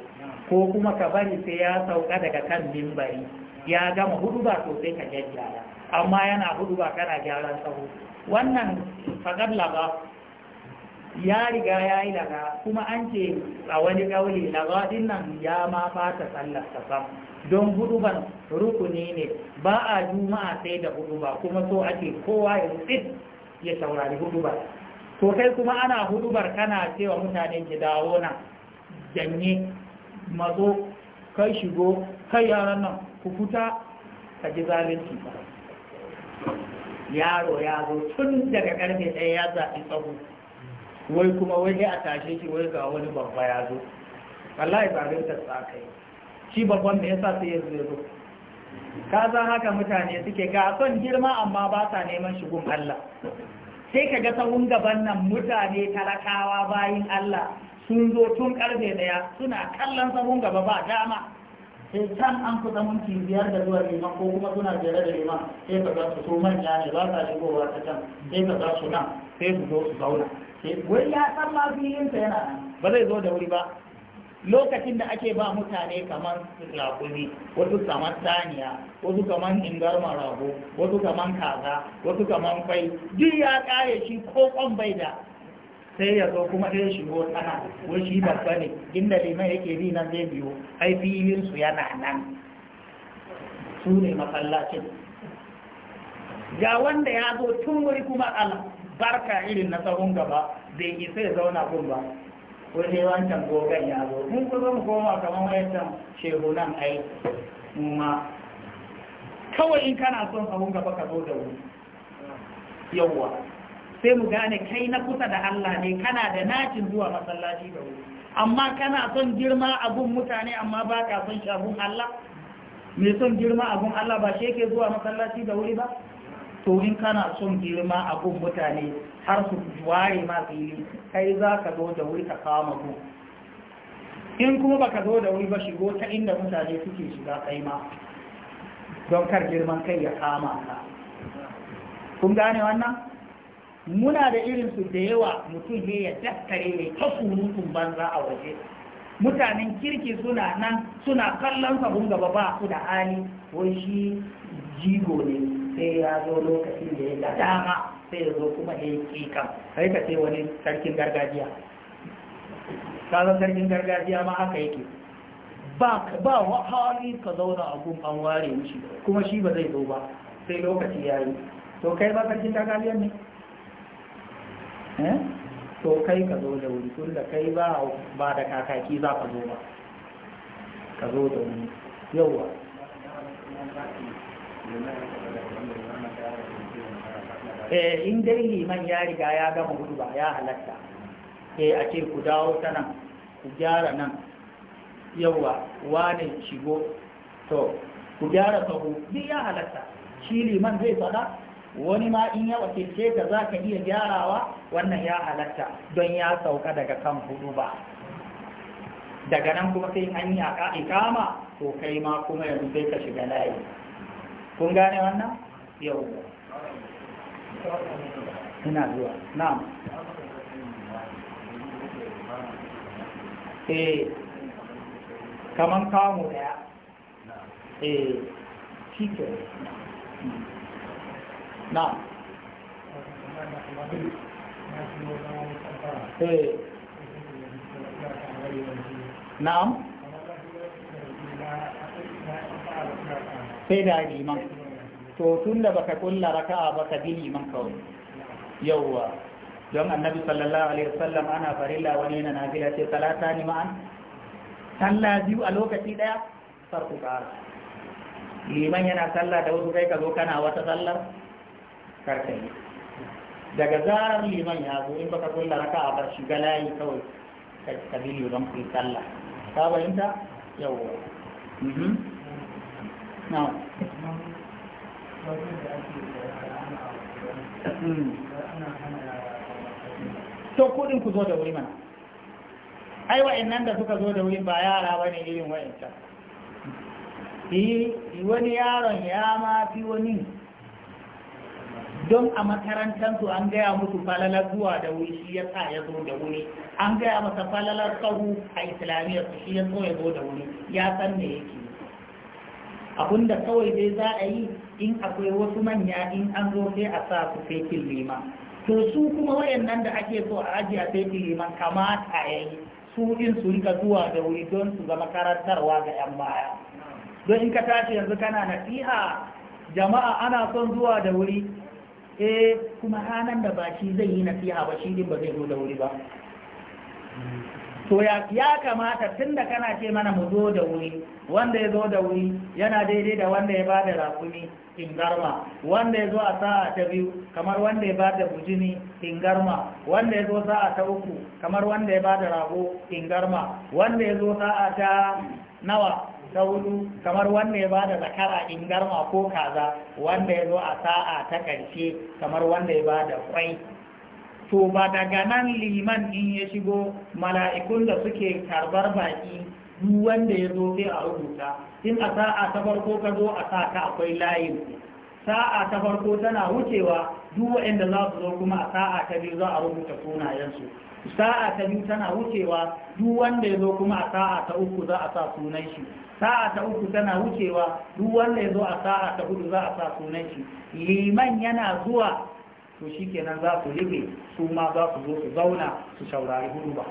ko kuma ka bari sai ya sauka daga kan mimbari ya gama hudu ba to sai ka gyara amma yana hudu ba kana gyaran sahu wannan fagad laba ya riga ya yi laba kuma an ce a wani ƙauye laba din nan ya ma fata sallar sam don huduban rukuni ne ba a juma'a sai da ba kuma so ake kowa ya tsit ya saurari ba to kai kuma ana hudubar kana cewa mutane ki dawo nan janye mazo kai shigo kai yaran nan ku fita ka ji zalunci ba yaro ya zo tun daga karfe ɗaya ya zaɓi tsaho wai kuma wai sai a tashe shi wai ga wani babba ya zo wallahi ba zai ta tsaka shi babban me yasa sai ya zo ya zo ka san haka mutane suke ga son girma amma ba sa neman shigun Allah sai ka ga sahun gaban nan mutane talakawa bayin Allah sun zo tun karfe ɗaya suna kallon sahun gaba ba dama sai can an kusa minti biyar da zuwa liman ko kuma suna jere da liman sai ka za su so manya ne ba sa shigowa ta can sai ka za su nan sai su zo su zauna wai ya san ma filinsa yana nan ba zai zo da wuri ba lokacin da ake ba mutane kamar rakumi wasu kamar saniya wasu kamar ingar marago wasu kamar kaza wasu kamar kwai duk ya kare shi ko kwan bai da sai ya zo kuma ɗaya shigo tsana wai shi babba ne inda liman yake bi nan zai biyo ai filinsu yana nan su ne masallacin ga wanda ya zo tun wuri kuma albarka irin na tsawon gaba bai isa ya zauna gun ba wani wancan gogon ya zo mun kuma mu koma kamar shehu nan ai ma kawai in kana son tsawon gaba ka zo da wuri yawwa sai mu gane kai na kusa da Allah ne kana da nakin zuwa masallaci da wuri amma kana son girma abun mutane amma ba ka son shi Allah me son girma abun Allah ba shi yake zuwa masallaci da wuri ba to in kana son girma abun mutane har su ware ma fili kai za ka zo da wuri ka kama ku in kuma baka zo da wuri ba shigo ta inda mutane suke shiga kai ma don kar girman kai ya kama ka kun gane wannan muna da irin su da yawa mutum ne ya daskare mai ta surutun banza a waje mutanen kirki suna nan suna kallon sabon gaba ba su da hali wai shi jigo ne sai ya zo lokacin da ya ga dama sai ya zo kuma ya yi kan sai ka ce wani sarkin gargajiya kazan sarkin gargajiya ma haka yake ba ba wa hali ka zauna a gun an ware mishi kuma shi ba zai zo ba sai lokaci ya yi to kai ba sarkin gargajiya ne Eh? to kai ka zo da wuri tun da kai ba ba da kakaki za ka zo ba ka zo da wuri yauwa eh in dai liman ya riga ya gama gudu ba ya halatta eh a ce ku dawo ta nan ku gyara nan yauwa wane shigo to ku gyara sahu duk ya halatta shi liman zai faɗa wani ma in ya wakilce ka za ka iya gyarawa wannan ya halatta don ya sauka daga kan hudu ba daga nan kuma sai an yi a ikama to kai ma kuma yanzu sai ka shiga layi kun gane wannan yau ina zuwa na'am Kamar eh, kaman mu daya e eh, cikin ke na na'am sai da liman to tun da baka kulla raka'a a baka bi liman kawai yauwa don annabi sallallahu alaihi wasallam ana farilla wani yana nafila ce talata ni ma'an sallah biyu a lokaci daya farko ƙara liman yana sallah da wasu kai ka zo kana wata sallar karka yi daga zarar liman ya zo in baka kulla raka a bar shiga layi kawai ka bi liman ku kalla ka bayyanta yawa mhm. na mm. to kudin ku zo da wuri mana ai wa'annan da suka zo da wuri ba yara bane irin wa'ancan wani yaron ya ma fi wani don a makarantarsu an gaya musu falalar zuwa da wuri shi ya sa ya zo da wuri an gaya masa falalar tsawo a islamiyyar su shi ya so ya zo da wuri ya san me yake abinda kawai dai za a yi in akwai wasu manya in an zo sai a sa su fekin lima to su kuma wayannan da ake so a ajiye a fetin liman kamata ya yi su in su rika zuwa da wuri don su zama karantarwa ga 'yan baya don in ka tashi yanzu kana nasiha jama'a ana son zuwa da wuri eh kuma ranar da ba shi zai yi nasiha ba shi din ba zai zo da wuri ba to ya kamata tun da kana ce mana mu zo da wuri wanda ya zo da wuri yana daidai da wanda ya ba bada rakumi ingarma wanda ya zo a sa'a ta biyu kamar wanda ya bada bujini ingarma wanda ya zo sa'a ta uku kamar wanda ya ba da rago ingarma wanda ya zo sa'a ta nawa saulu kamar wanda ya bada zakara ingarma ko kaza wanda ya zo a sa'a ta ƙarshe kamar wanda ya bada kwai to ba daga nan liman in ya shigo mala'ikun da suke karbar baki duk wanda ya zo sai a rubuta in a sa'a ta farko ka zo a sa akwai layin sa'a ta farko tana wucewa duk waɗanda za su zo kuma a sa'a ta biyu za a rubuta sunayensu sa'a ta biyu tana wucewa duk wanda ya zo kuma a sa'a ta uku za a sa sunan shi sa'a ta uku tana wucewa duk wanda ya zo a sa'a ta hudu za a sa sunan shi liman yana zuwa to shi kenan za su rige su ma za su zo su zauna su shaurari hudu ba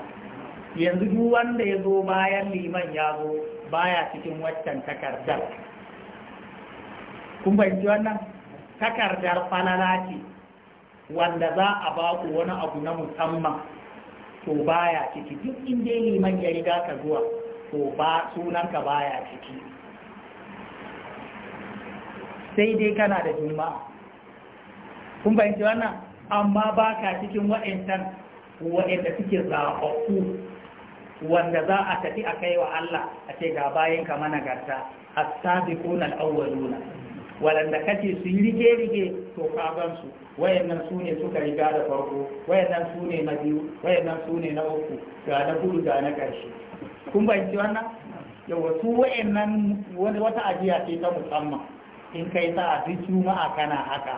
yanzu duk wanda ya zo bayan liman ya zo baya cikin waccan takardar kun fahimci wannan takardar falala ce wanda za a ba ku wani abu na musamman to baya ciki duk inda liman ya riga ka zuwa ko ba sunanka baya ciki sai dai kana da juma'a, kun fahimci wannan amma ba ka cikin wa'intan waɗanda suke zaɓaɓɓu wanda za a tafi a kai wa Allah a ce ga bayan ka managarta a sabi kunan awwaluna waɗanda kace su yi rike rige to kagansu wayannan su ne suka riga da farko wayannan su na biyu wayannan su na uku ga na gudu ga na ƙarshe kun bayanci wannan yawa su wa'annan wata ajiya ce ta musamman in kai sa a duk juma'a kana haka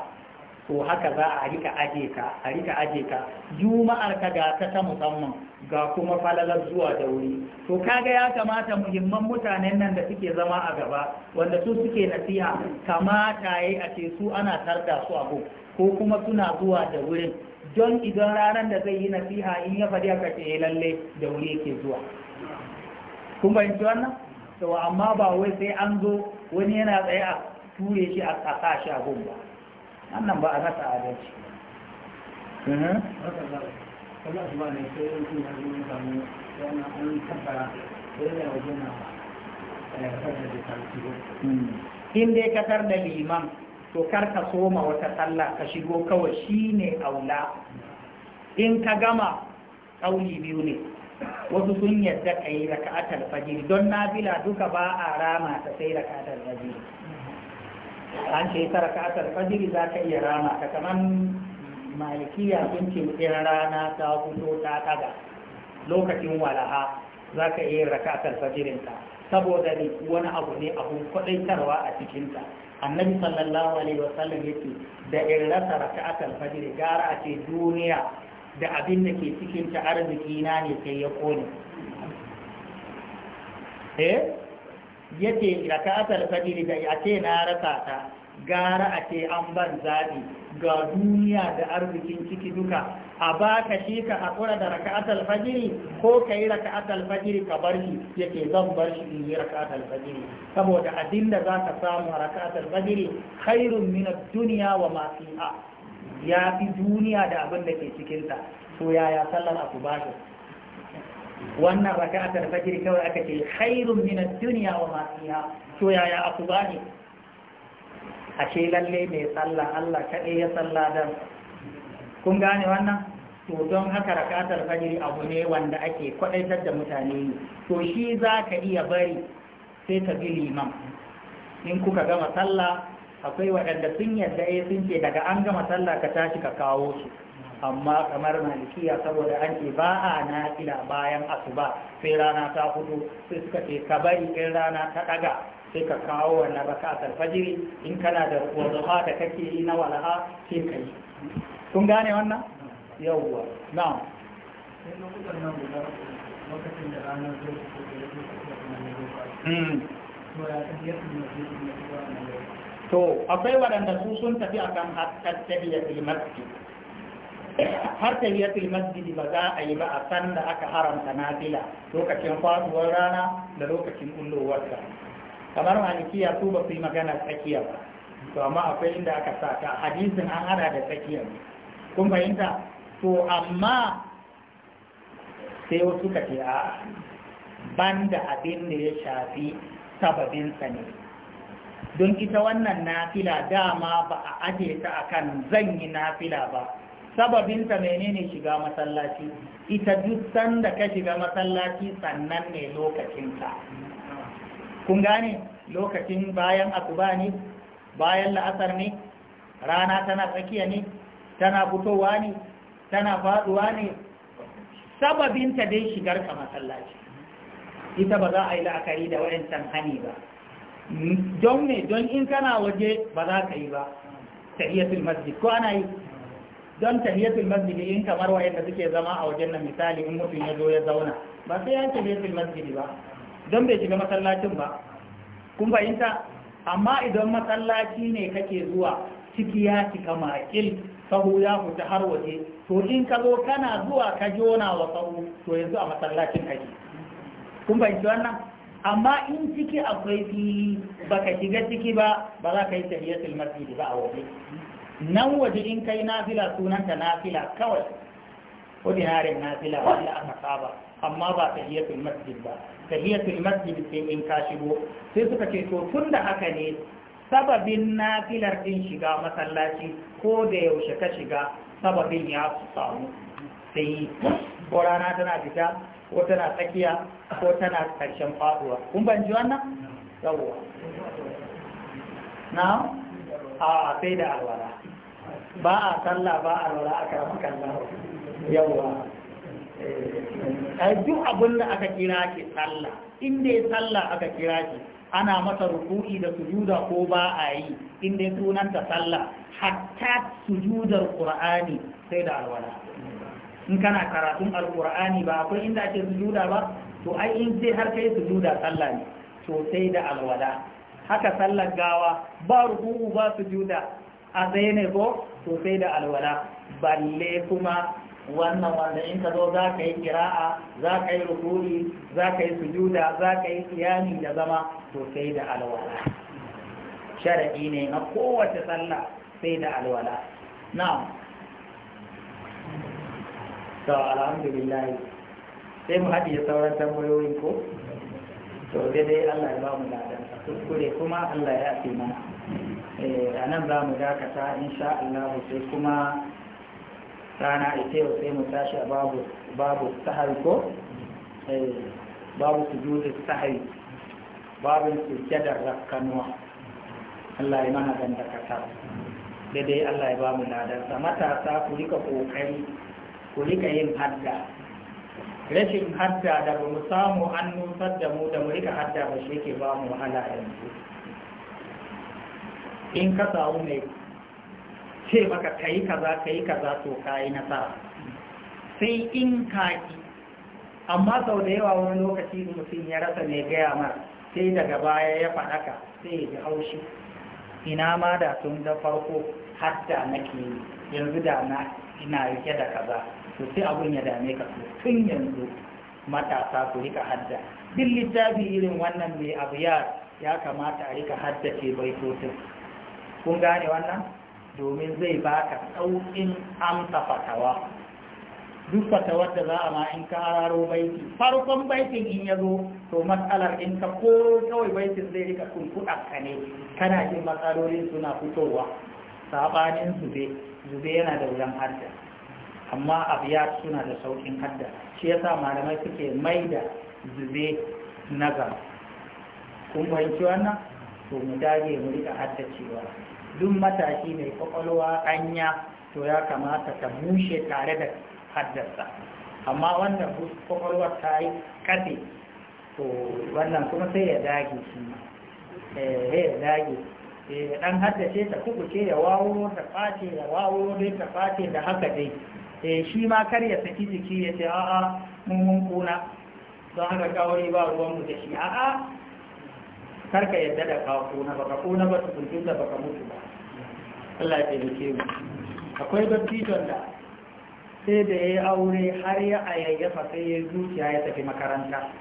to haka za a rika aje ka a rika aje ka juma'ar ka ga ta musamman ga kuma falalar zuwa da wuri to kaga ya kamata muhimman mutanen nan da suke zama a gaba wanda su suke nasiha kamata yi a ce su ana tarda su abu ko kuma suna zuwa da wurin don idan ranar da zai yi nasiha in ya faɗi aka ce eh, lalle da wuri yake zuwa kun fahimci wannan to amma ba wai sai an zo wani yana tsaye a ture shi a sa shi a ba wannan ba a rasa adalci eh, hmm. in dai kasar da liman to kar ka soma wata sallah ka shigo kawai Shi ne aula in ka gama ƙauli biyu ne wasu sun yadda ka yi raka'atar fajiri don nafila duka ba a rama ta sai raka'atar fajir an ce ta raka'atar fajiri za ka iya rama ta kamar malikiya sun ce in rana ta fito ta daga lokacin walaha za ka iya raka'atar fajirinta, saboda ne wani abu ne abun kwaɗaitarwa a cikinta annabi sallallahu alaihi wasallam yake da in rasa raka'atar fajiri gara a ce duniya da abin da ke cikin ta arziki na ne sai ya kone eh yace raka'atul fadiri da ya ce na rasa ta gara a ce an ban zabi ga duniya da arzikin ciki duka a baka shi ka hakura da raka'atul fajiri, ko kai raka'atul fajiri ka bar shi yace zan bar shi in yi raka'atul fajiri. saboda abin da ka samu raka'atul fajiri, khairun min ad-dunya wa ma fiha ya fi duniya da abin da ke cikinta ya yaya sallar asubah wannan rakatar fajr kawai aka ce khairun min ad-dunya wa ma fiha ya yaya asubah a ashe lalle mai sallah Allah kaɗai ya sallah da. kun gane wannan to don haka rakatar fajiri abu ne wanda ake kwadaitar da mutane ne to shi zaka iya bari sai ka bi liman in kuka gama sallah akwai waɗanda sun yadda ya eh, sun ce daga an gama sallah ka tashi ka kawo su amma kamar malikiya saboda an ce ba a ila bayan asuba sai rana ta fito sai suka ce ka bari in rana ta ɗaga sai ka kawo wannan raka a fajiri in kana da wazuha da kake yi na wala'a ke ka yi kun gane wannan yawwa na'am Mm. to akwai waɗanda su sun tafi a kan harkar tahiyatul masjid har ba za a yi ba a san da aka haramta nafila lokacin faduwar rana da lokacin kullowarsa kamar malikiya su ba su yi magana tsakiya ba to amma akwai inda aka sa ta hadisin an hada da tsakiya kun fahimta to amma sai wasu ka ce a banda abin da ya shafi sababin sani. don ita wannan nafila dama ba a aje ta akan zan yi nafila ba sababinta menene shiga masallaci ita duk sanda ka shiga masallaci sannan ne lokacinka kun gane lokacin bayan akuba ne bayan la'asar ne rana tana tsakiya ne tana fitowa ne tana faduwa ne sababinta dai shigar ka masallaci ita ba za a yi la'akari da wayancan hani ba don ne don in kana waje ba za ka yi ba tahiyatul masjid ko ana yi don tahiyatul masjid in kamar wayanda suke zama a wajen nan misali in mutum ya zo ya zauna ba sai ya tahiyatul masjid ba don bai shiga masallacin ba kun fahimta amma idan masallaci ne kake zuwa ciki ya cika makil sahu ya fita har waje to in ka zo kana zuwa ka jona wa sahu to yanzu a masallacin kake kun fahimci wannan amma in ciki akwai fili ka shiga ciki ba ba za ka yi tahiyatul da ba a waje nan waje in kai nafila sunanta nafila kawai ordinarin nafila wanda aka ba, amma ba tahiyatul masjid ba tahiyatul masjid sai in ka shigo sai suka ce to tun da haka ne sababin nafilar din shiga masallaci ko da yaushe ka shiga sababin ya samu sai ko rana tana fita ko tana tsakiya ko tana ƙarshen faɗuwa kun ban ji wannan yawwa na a sai da alwala ba a sallah ba a alwala a karama kalla yawwa eh, a duk abin da aka kira ki sallah inda ya sallah aka kira ki ana masa ruku'i da sujuda ko ba a yi inda sunanta sallah hatta sujudar qur'ani sai da alwala in kana karatun alkur'ani ba akwai inda ake sujuda ba to ai in sai har kai sujuda sallah ne to sai da alwala haka sallar gawa ba ruku'u ba sujuda a tsaye ne ko to sai da alwala balle kuma wannan wanda in ka zo za ka yi kira'a za ka yi rukuri za ka yi sujuda za ka yi kiyami da zama to sai da alwala sharaɗi ne na kowace sallah sai da alwala na'am to alhamdulillah sai mu haɗiye sauran tambayoyin ko to dai Allah ya ba mu ladan kuskure kuma Allah ya fi mana eh, a nan za mu dakata insha Allah sai kuma rana ita yau sai mu tashi a babu babu sahari ko eh, babu sujudu sahari babin sujjadar rakkanuwa Allah ya mana gandakata daidai Allah ya ba mu ladarsa matasa ku rika kokari ku rika yin hadda rashin hadda da ba mu samu an nusar da mu da mu rika hadda ba shi ke ba mu wahala yanzu in ka samu mai ce maka kayi kaza kayi kaza to kayi nasara sai in ka kaki amma sau da yawa wani lokaci mutum ya rasa mai gaya mara sai daga baya ya faɗaka sai ya ji haushi ina ma da tun da farko hadda nake yanzu da na ina rike da kaza to sai abun ya dame ka tun yanzu matasa su rika hadda duk littafi irin wannan mai abu ya ya kamata a rika hadda bai sosai kun gane wannan domin zai baka sauƙin amsa fatawa duk fatawar da za a ma in ka hararo farkon baikin in ya zo to matsalar in ka ko kawai baikin zai rika sun kuɗa ka ne kana jin matsalolin suna fitowa saɓanin zube zube yana da wuyan hadda. amma abiyat suna da saukin hadda shi yasa malamai suke mai da zube na gaba kun fahimci wannan to mu dage mu rika haddacewa duk matashi mai kwakwalwa anya to ya kamata ta bushe tare da haddarsa amma wanda kwakwalwar ta yi kafe to wannan kuma sai ya dage shi eh ya dage eh dan haddace ta kubuce ya wawo ta face ya wawo dai ta face da haka dai Eh, shi ma kar ya saki jiki ya ce a'a mun mun kuna don haka kawai ba ruwanmu da shi a'a kar ka yadda da kawo kuna baka kuna ba su tukun da baka mutu ba Allah ya taimake mu akwai dattijon da sai da ya yi aure har ya ayayyafa sai ya zuciya ya tafi makaranta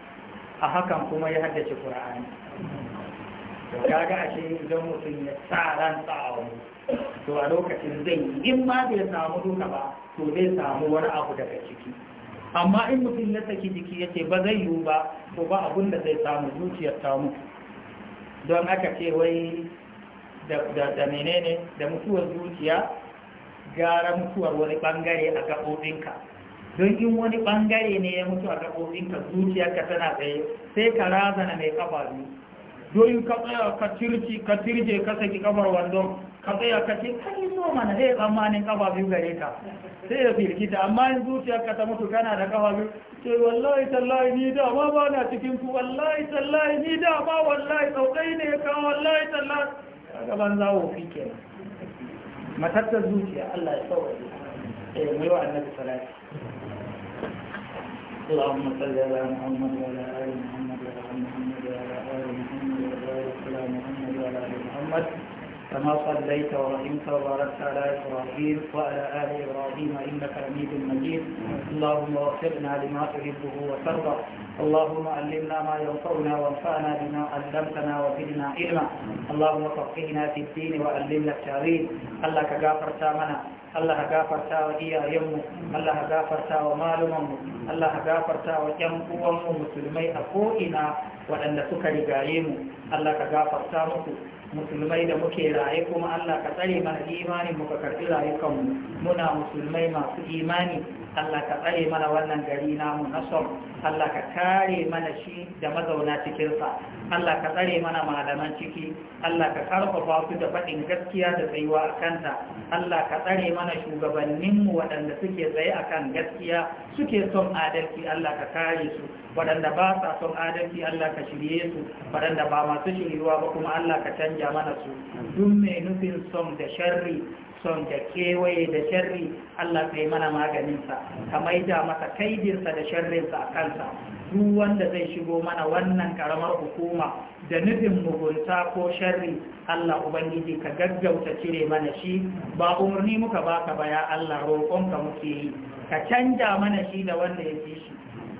a hakan kuma ya haddace Qur'ani kaga a shi idan mutum ya sa ran tsawo to a lokacin zai yi in ma bai samu duka ba to zai samu wani abu daga ciki amma in mutum ya saki jiki ya ce ba zai yiwu ba to ba abun da zai samu zuciyar ta mutu don haka ce wai da menene da mutuwar zuciya gara mutuwar wani bangare a gaɓoɓinka don in wani bangare ne ya mutu a gaɓoɓinka zuciyarka tana tsaye sai ka razana mai kafa biyu doyin ka tsaya ka tirce ka tirje ka saki kafar wandon ka tsaya ka ce kai so mana sai tsammanin kafa biyu gare ka sai ya firgita amma in zuciyarka ta mutu kana da kafa biyu ce wallahi tallahi ni da ma ba na cikin ku wallahi tallahi ni da ma wallahi saukai ne ka wallahi tallahi kaga ban za wofi kenan matattar zuciya Allah ya tsawaye eh mu yi wa annabi salati اللهم صل على محمد وعلى ال محمد وعلى محمد على محمد كما صليت ورحمت وباركت على إبراهيم وعلى آل إبراهيم إنك حميد مجيد اللهم وفقنا لما تحبه وترضى اللهم علمنا ما ينفعنا وانفعنا بما علمتنا وزدنا علما اللهم فقهنا في الدين وعلمنا التعليم الله كغافر تامنا الله كغافر تاو إيا يمو الله كغافر تاو مالمم الله كغافر تاو يمو مسلمي أقوئنا waɗanda suka rigaye mu Allah ka gafarta musu musulmai da muke raye kuma Allah ka tsare mana imanin mu ka karbi rayukan mu muna musulmai masu imani Allah ka tsare mana wannan gari namu na son Allah ka kare mana shi da mazauna cikinsa Allah ka tsare mana malaman ciki Allah ka karfafa su da faɗin gaskiya da tsayuwa a kanta Allah ka tsare mana shugabanninmu waɗanda suke tsaye a kan gaskiya suke son adalci Allah ka kare su waɗanda ba sa son adalci Allah ka shirye su waɗanda ba masu shiryuwa ba kuma Allah ka canja mana su duk mai nufin son da sharri son da kewaye da sharri Allah kai mana maganinsa ka maida masa kaidinsa da sharrinsa a kansa duk wanda zai shigo mana wannan karamar hukuma da nufin mugunta ko sharri Allah ubangiji ka gaggauta cire mana shi ba umarni muka baka baya Allah roƙonka muke yi ka canja mana shi da wanda ya shi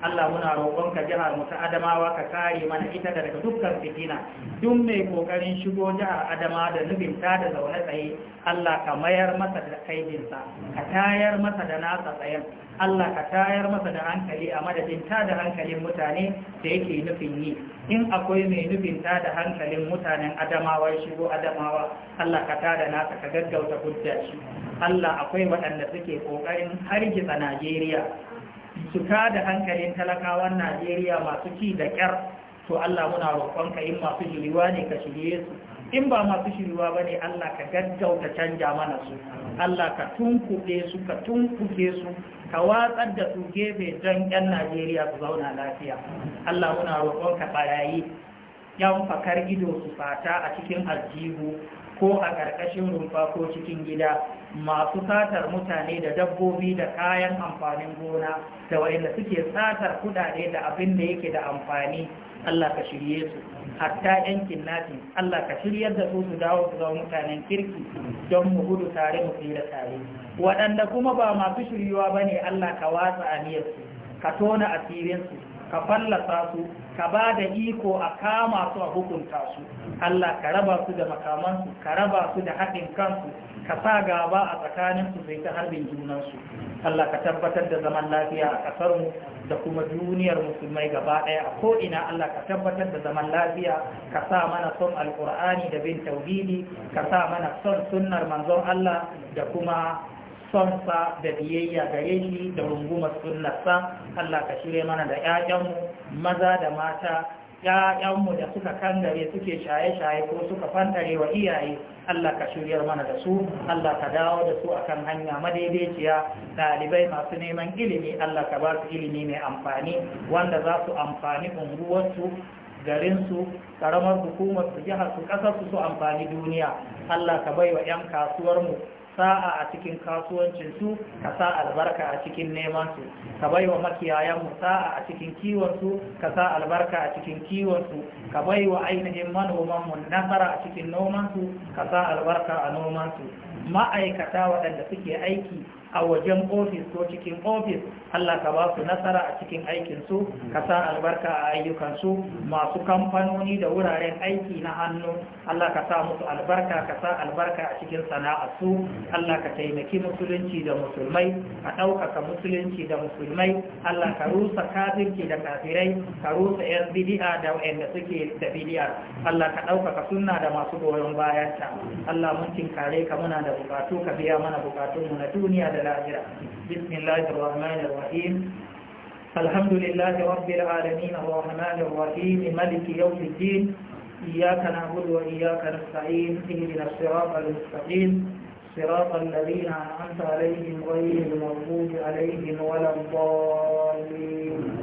Allah muna roƙon ka jihar mu ta Adamawa ka kare mana ita daga dukkan fitina duk mai kokarin shigo jihar Adama da nubinta da zaune tsaye Allah ka mayar masa da sa ka tayar masa da nasa tsayen Allah ka tayar masa da hankali a madadin ta da hankalin mutane da yake nufin yi in akwai mai nufin ta da hankalin mutanen Adamawa shigo Adamawa Allah ka ta da nasa ka gaggauta hujja shi Allah akwai waɗanda suke ƙoƙarin hargitsa Najeriya su da hankalin talakawan Najeriya masu ci da kyar to Allah muna roƙonka in masu shiriwa ne ka shirye su in ba masu shiriwa ba ne Allah ka gaggauta canja mana su Allah ka tunkuɗe su ka tunkuɗe su ka watsar da su gefe don 'yan Najeriya su zauna lafiya Allah muna roƙonka ɓarayi yan fakar ido su fata a cikin aljihu ko a ƙarƙashin rumfa ko cikin gida masu satar mutane da dabbobi da kayan amfanin gona da waɗanda suke satar kuɗaɗe da abin da yake da amfani Allah ka shirye su hatta yankin nati Allah ka shiryar da su su dawo su zama mutanen kirki don mu gudu tare mu tsira tare waɗanda kuma ba masu shiryuwa ba ne Allah ka watsa aniyarsu ka tona asirinsu ka fallasa su ka ba da iko a kama su a hukunta su Allah ka raba su da makamansu ka raba su da haɗin kansu ka sa gaba a su sai ta harbin junansu Allah ka tabbatar da zaman lafiya a ƙasarmu da kuma duniyar musulmai gaba ɗaya a ko'ina Allah ka tabbatar da zaman lafiya ka sa mana son alƙur'ani da bin tauhidi ka sa mana son sunnar manzon Allah da kuma sonsa da biyayya gare shi da rungumar sunnarsa Allah ka shirya mana da ƴaƴanmu. maza da mata ‘ya'yanmu da suka kangare suke shaye-shaye ko suka fantare wa iyaye Allah ka shiryar mana da su Allah ka dawo da su akan hanya madaidaiciya ɗalibai masu neman ilimi Allah ka ba su ilimi mai amfani wanda za su amfani unguwarsu garinsu karamar hukumar su jihar su kasar su amfani duniya Allah ka bai wa 'yan kasuwarmu sa'a a cikin kasuwancinsu ka sa albarka a cikin nemansu ka bai wa makiyayanmu sa'a a cikin kiwonsu ka sa albarka a cikin kiwonsu ka bai wa ainihin manomanmu nasara a cikin nomansu ka sa albarka a nomansu ma'aikata waɗanda suke aiki a wajen ofis ko cikin ofis Allah ka ba su nasara a cikin aikinsu ka sa albarka a ayyukansu masu kamfanoni da wuraren aiki na hannu Allah ka sa musu albarka ka sa albarka a cikin sana'arsu Allah ka taimaki musulunci da musulmai ka ɗaukaka musulunci da musulmai Allah ka rusa kafirci da kafirai ka rusa 'yan bidi'a da wanda suke da bidi'a, Allah ka ɗaukaka sunna da masu goyon bayanta Allah mun tinkare ka muna da bukatu ka biya mana bukatunmu na duniya da الآخرة بسم الله الرحمن الرحيم الحمد لله رب العالمين الرحمن الرحيم ملك يوم الدين إياك نعبد وإياك نستعين اهدنا الصراط المستقيم صراط الذين أنعمت عليهم غير المغضوب عليهم ولا الضالين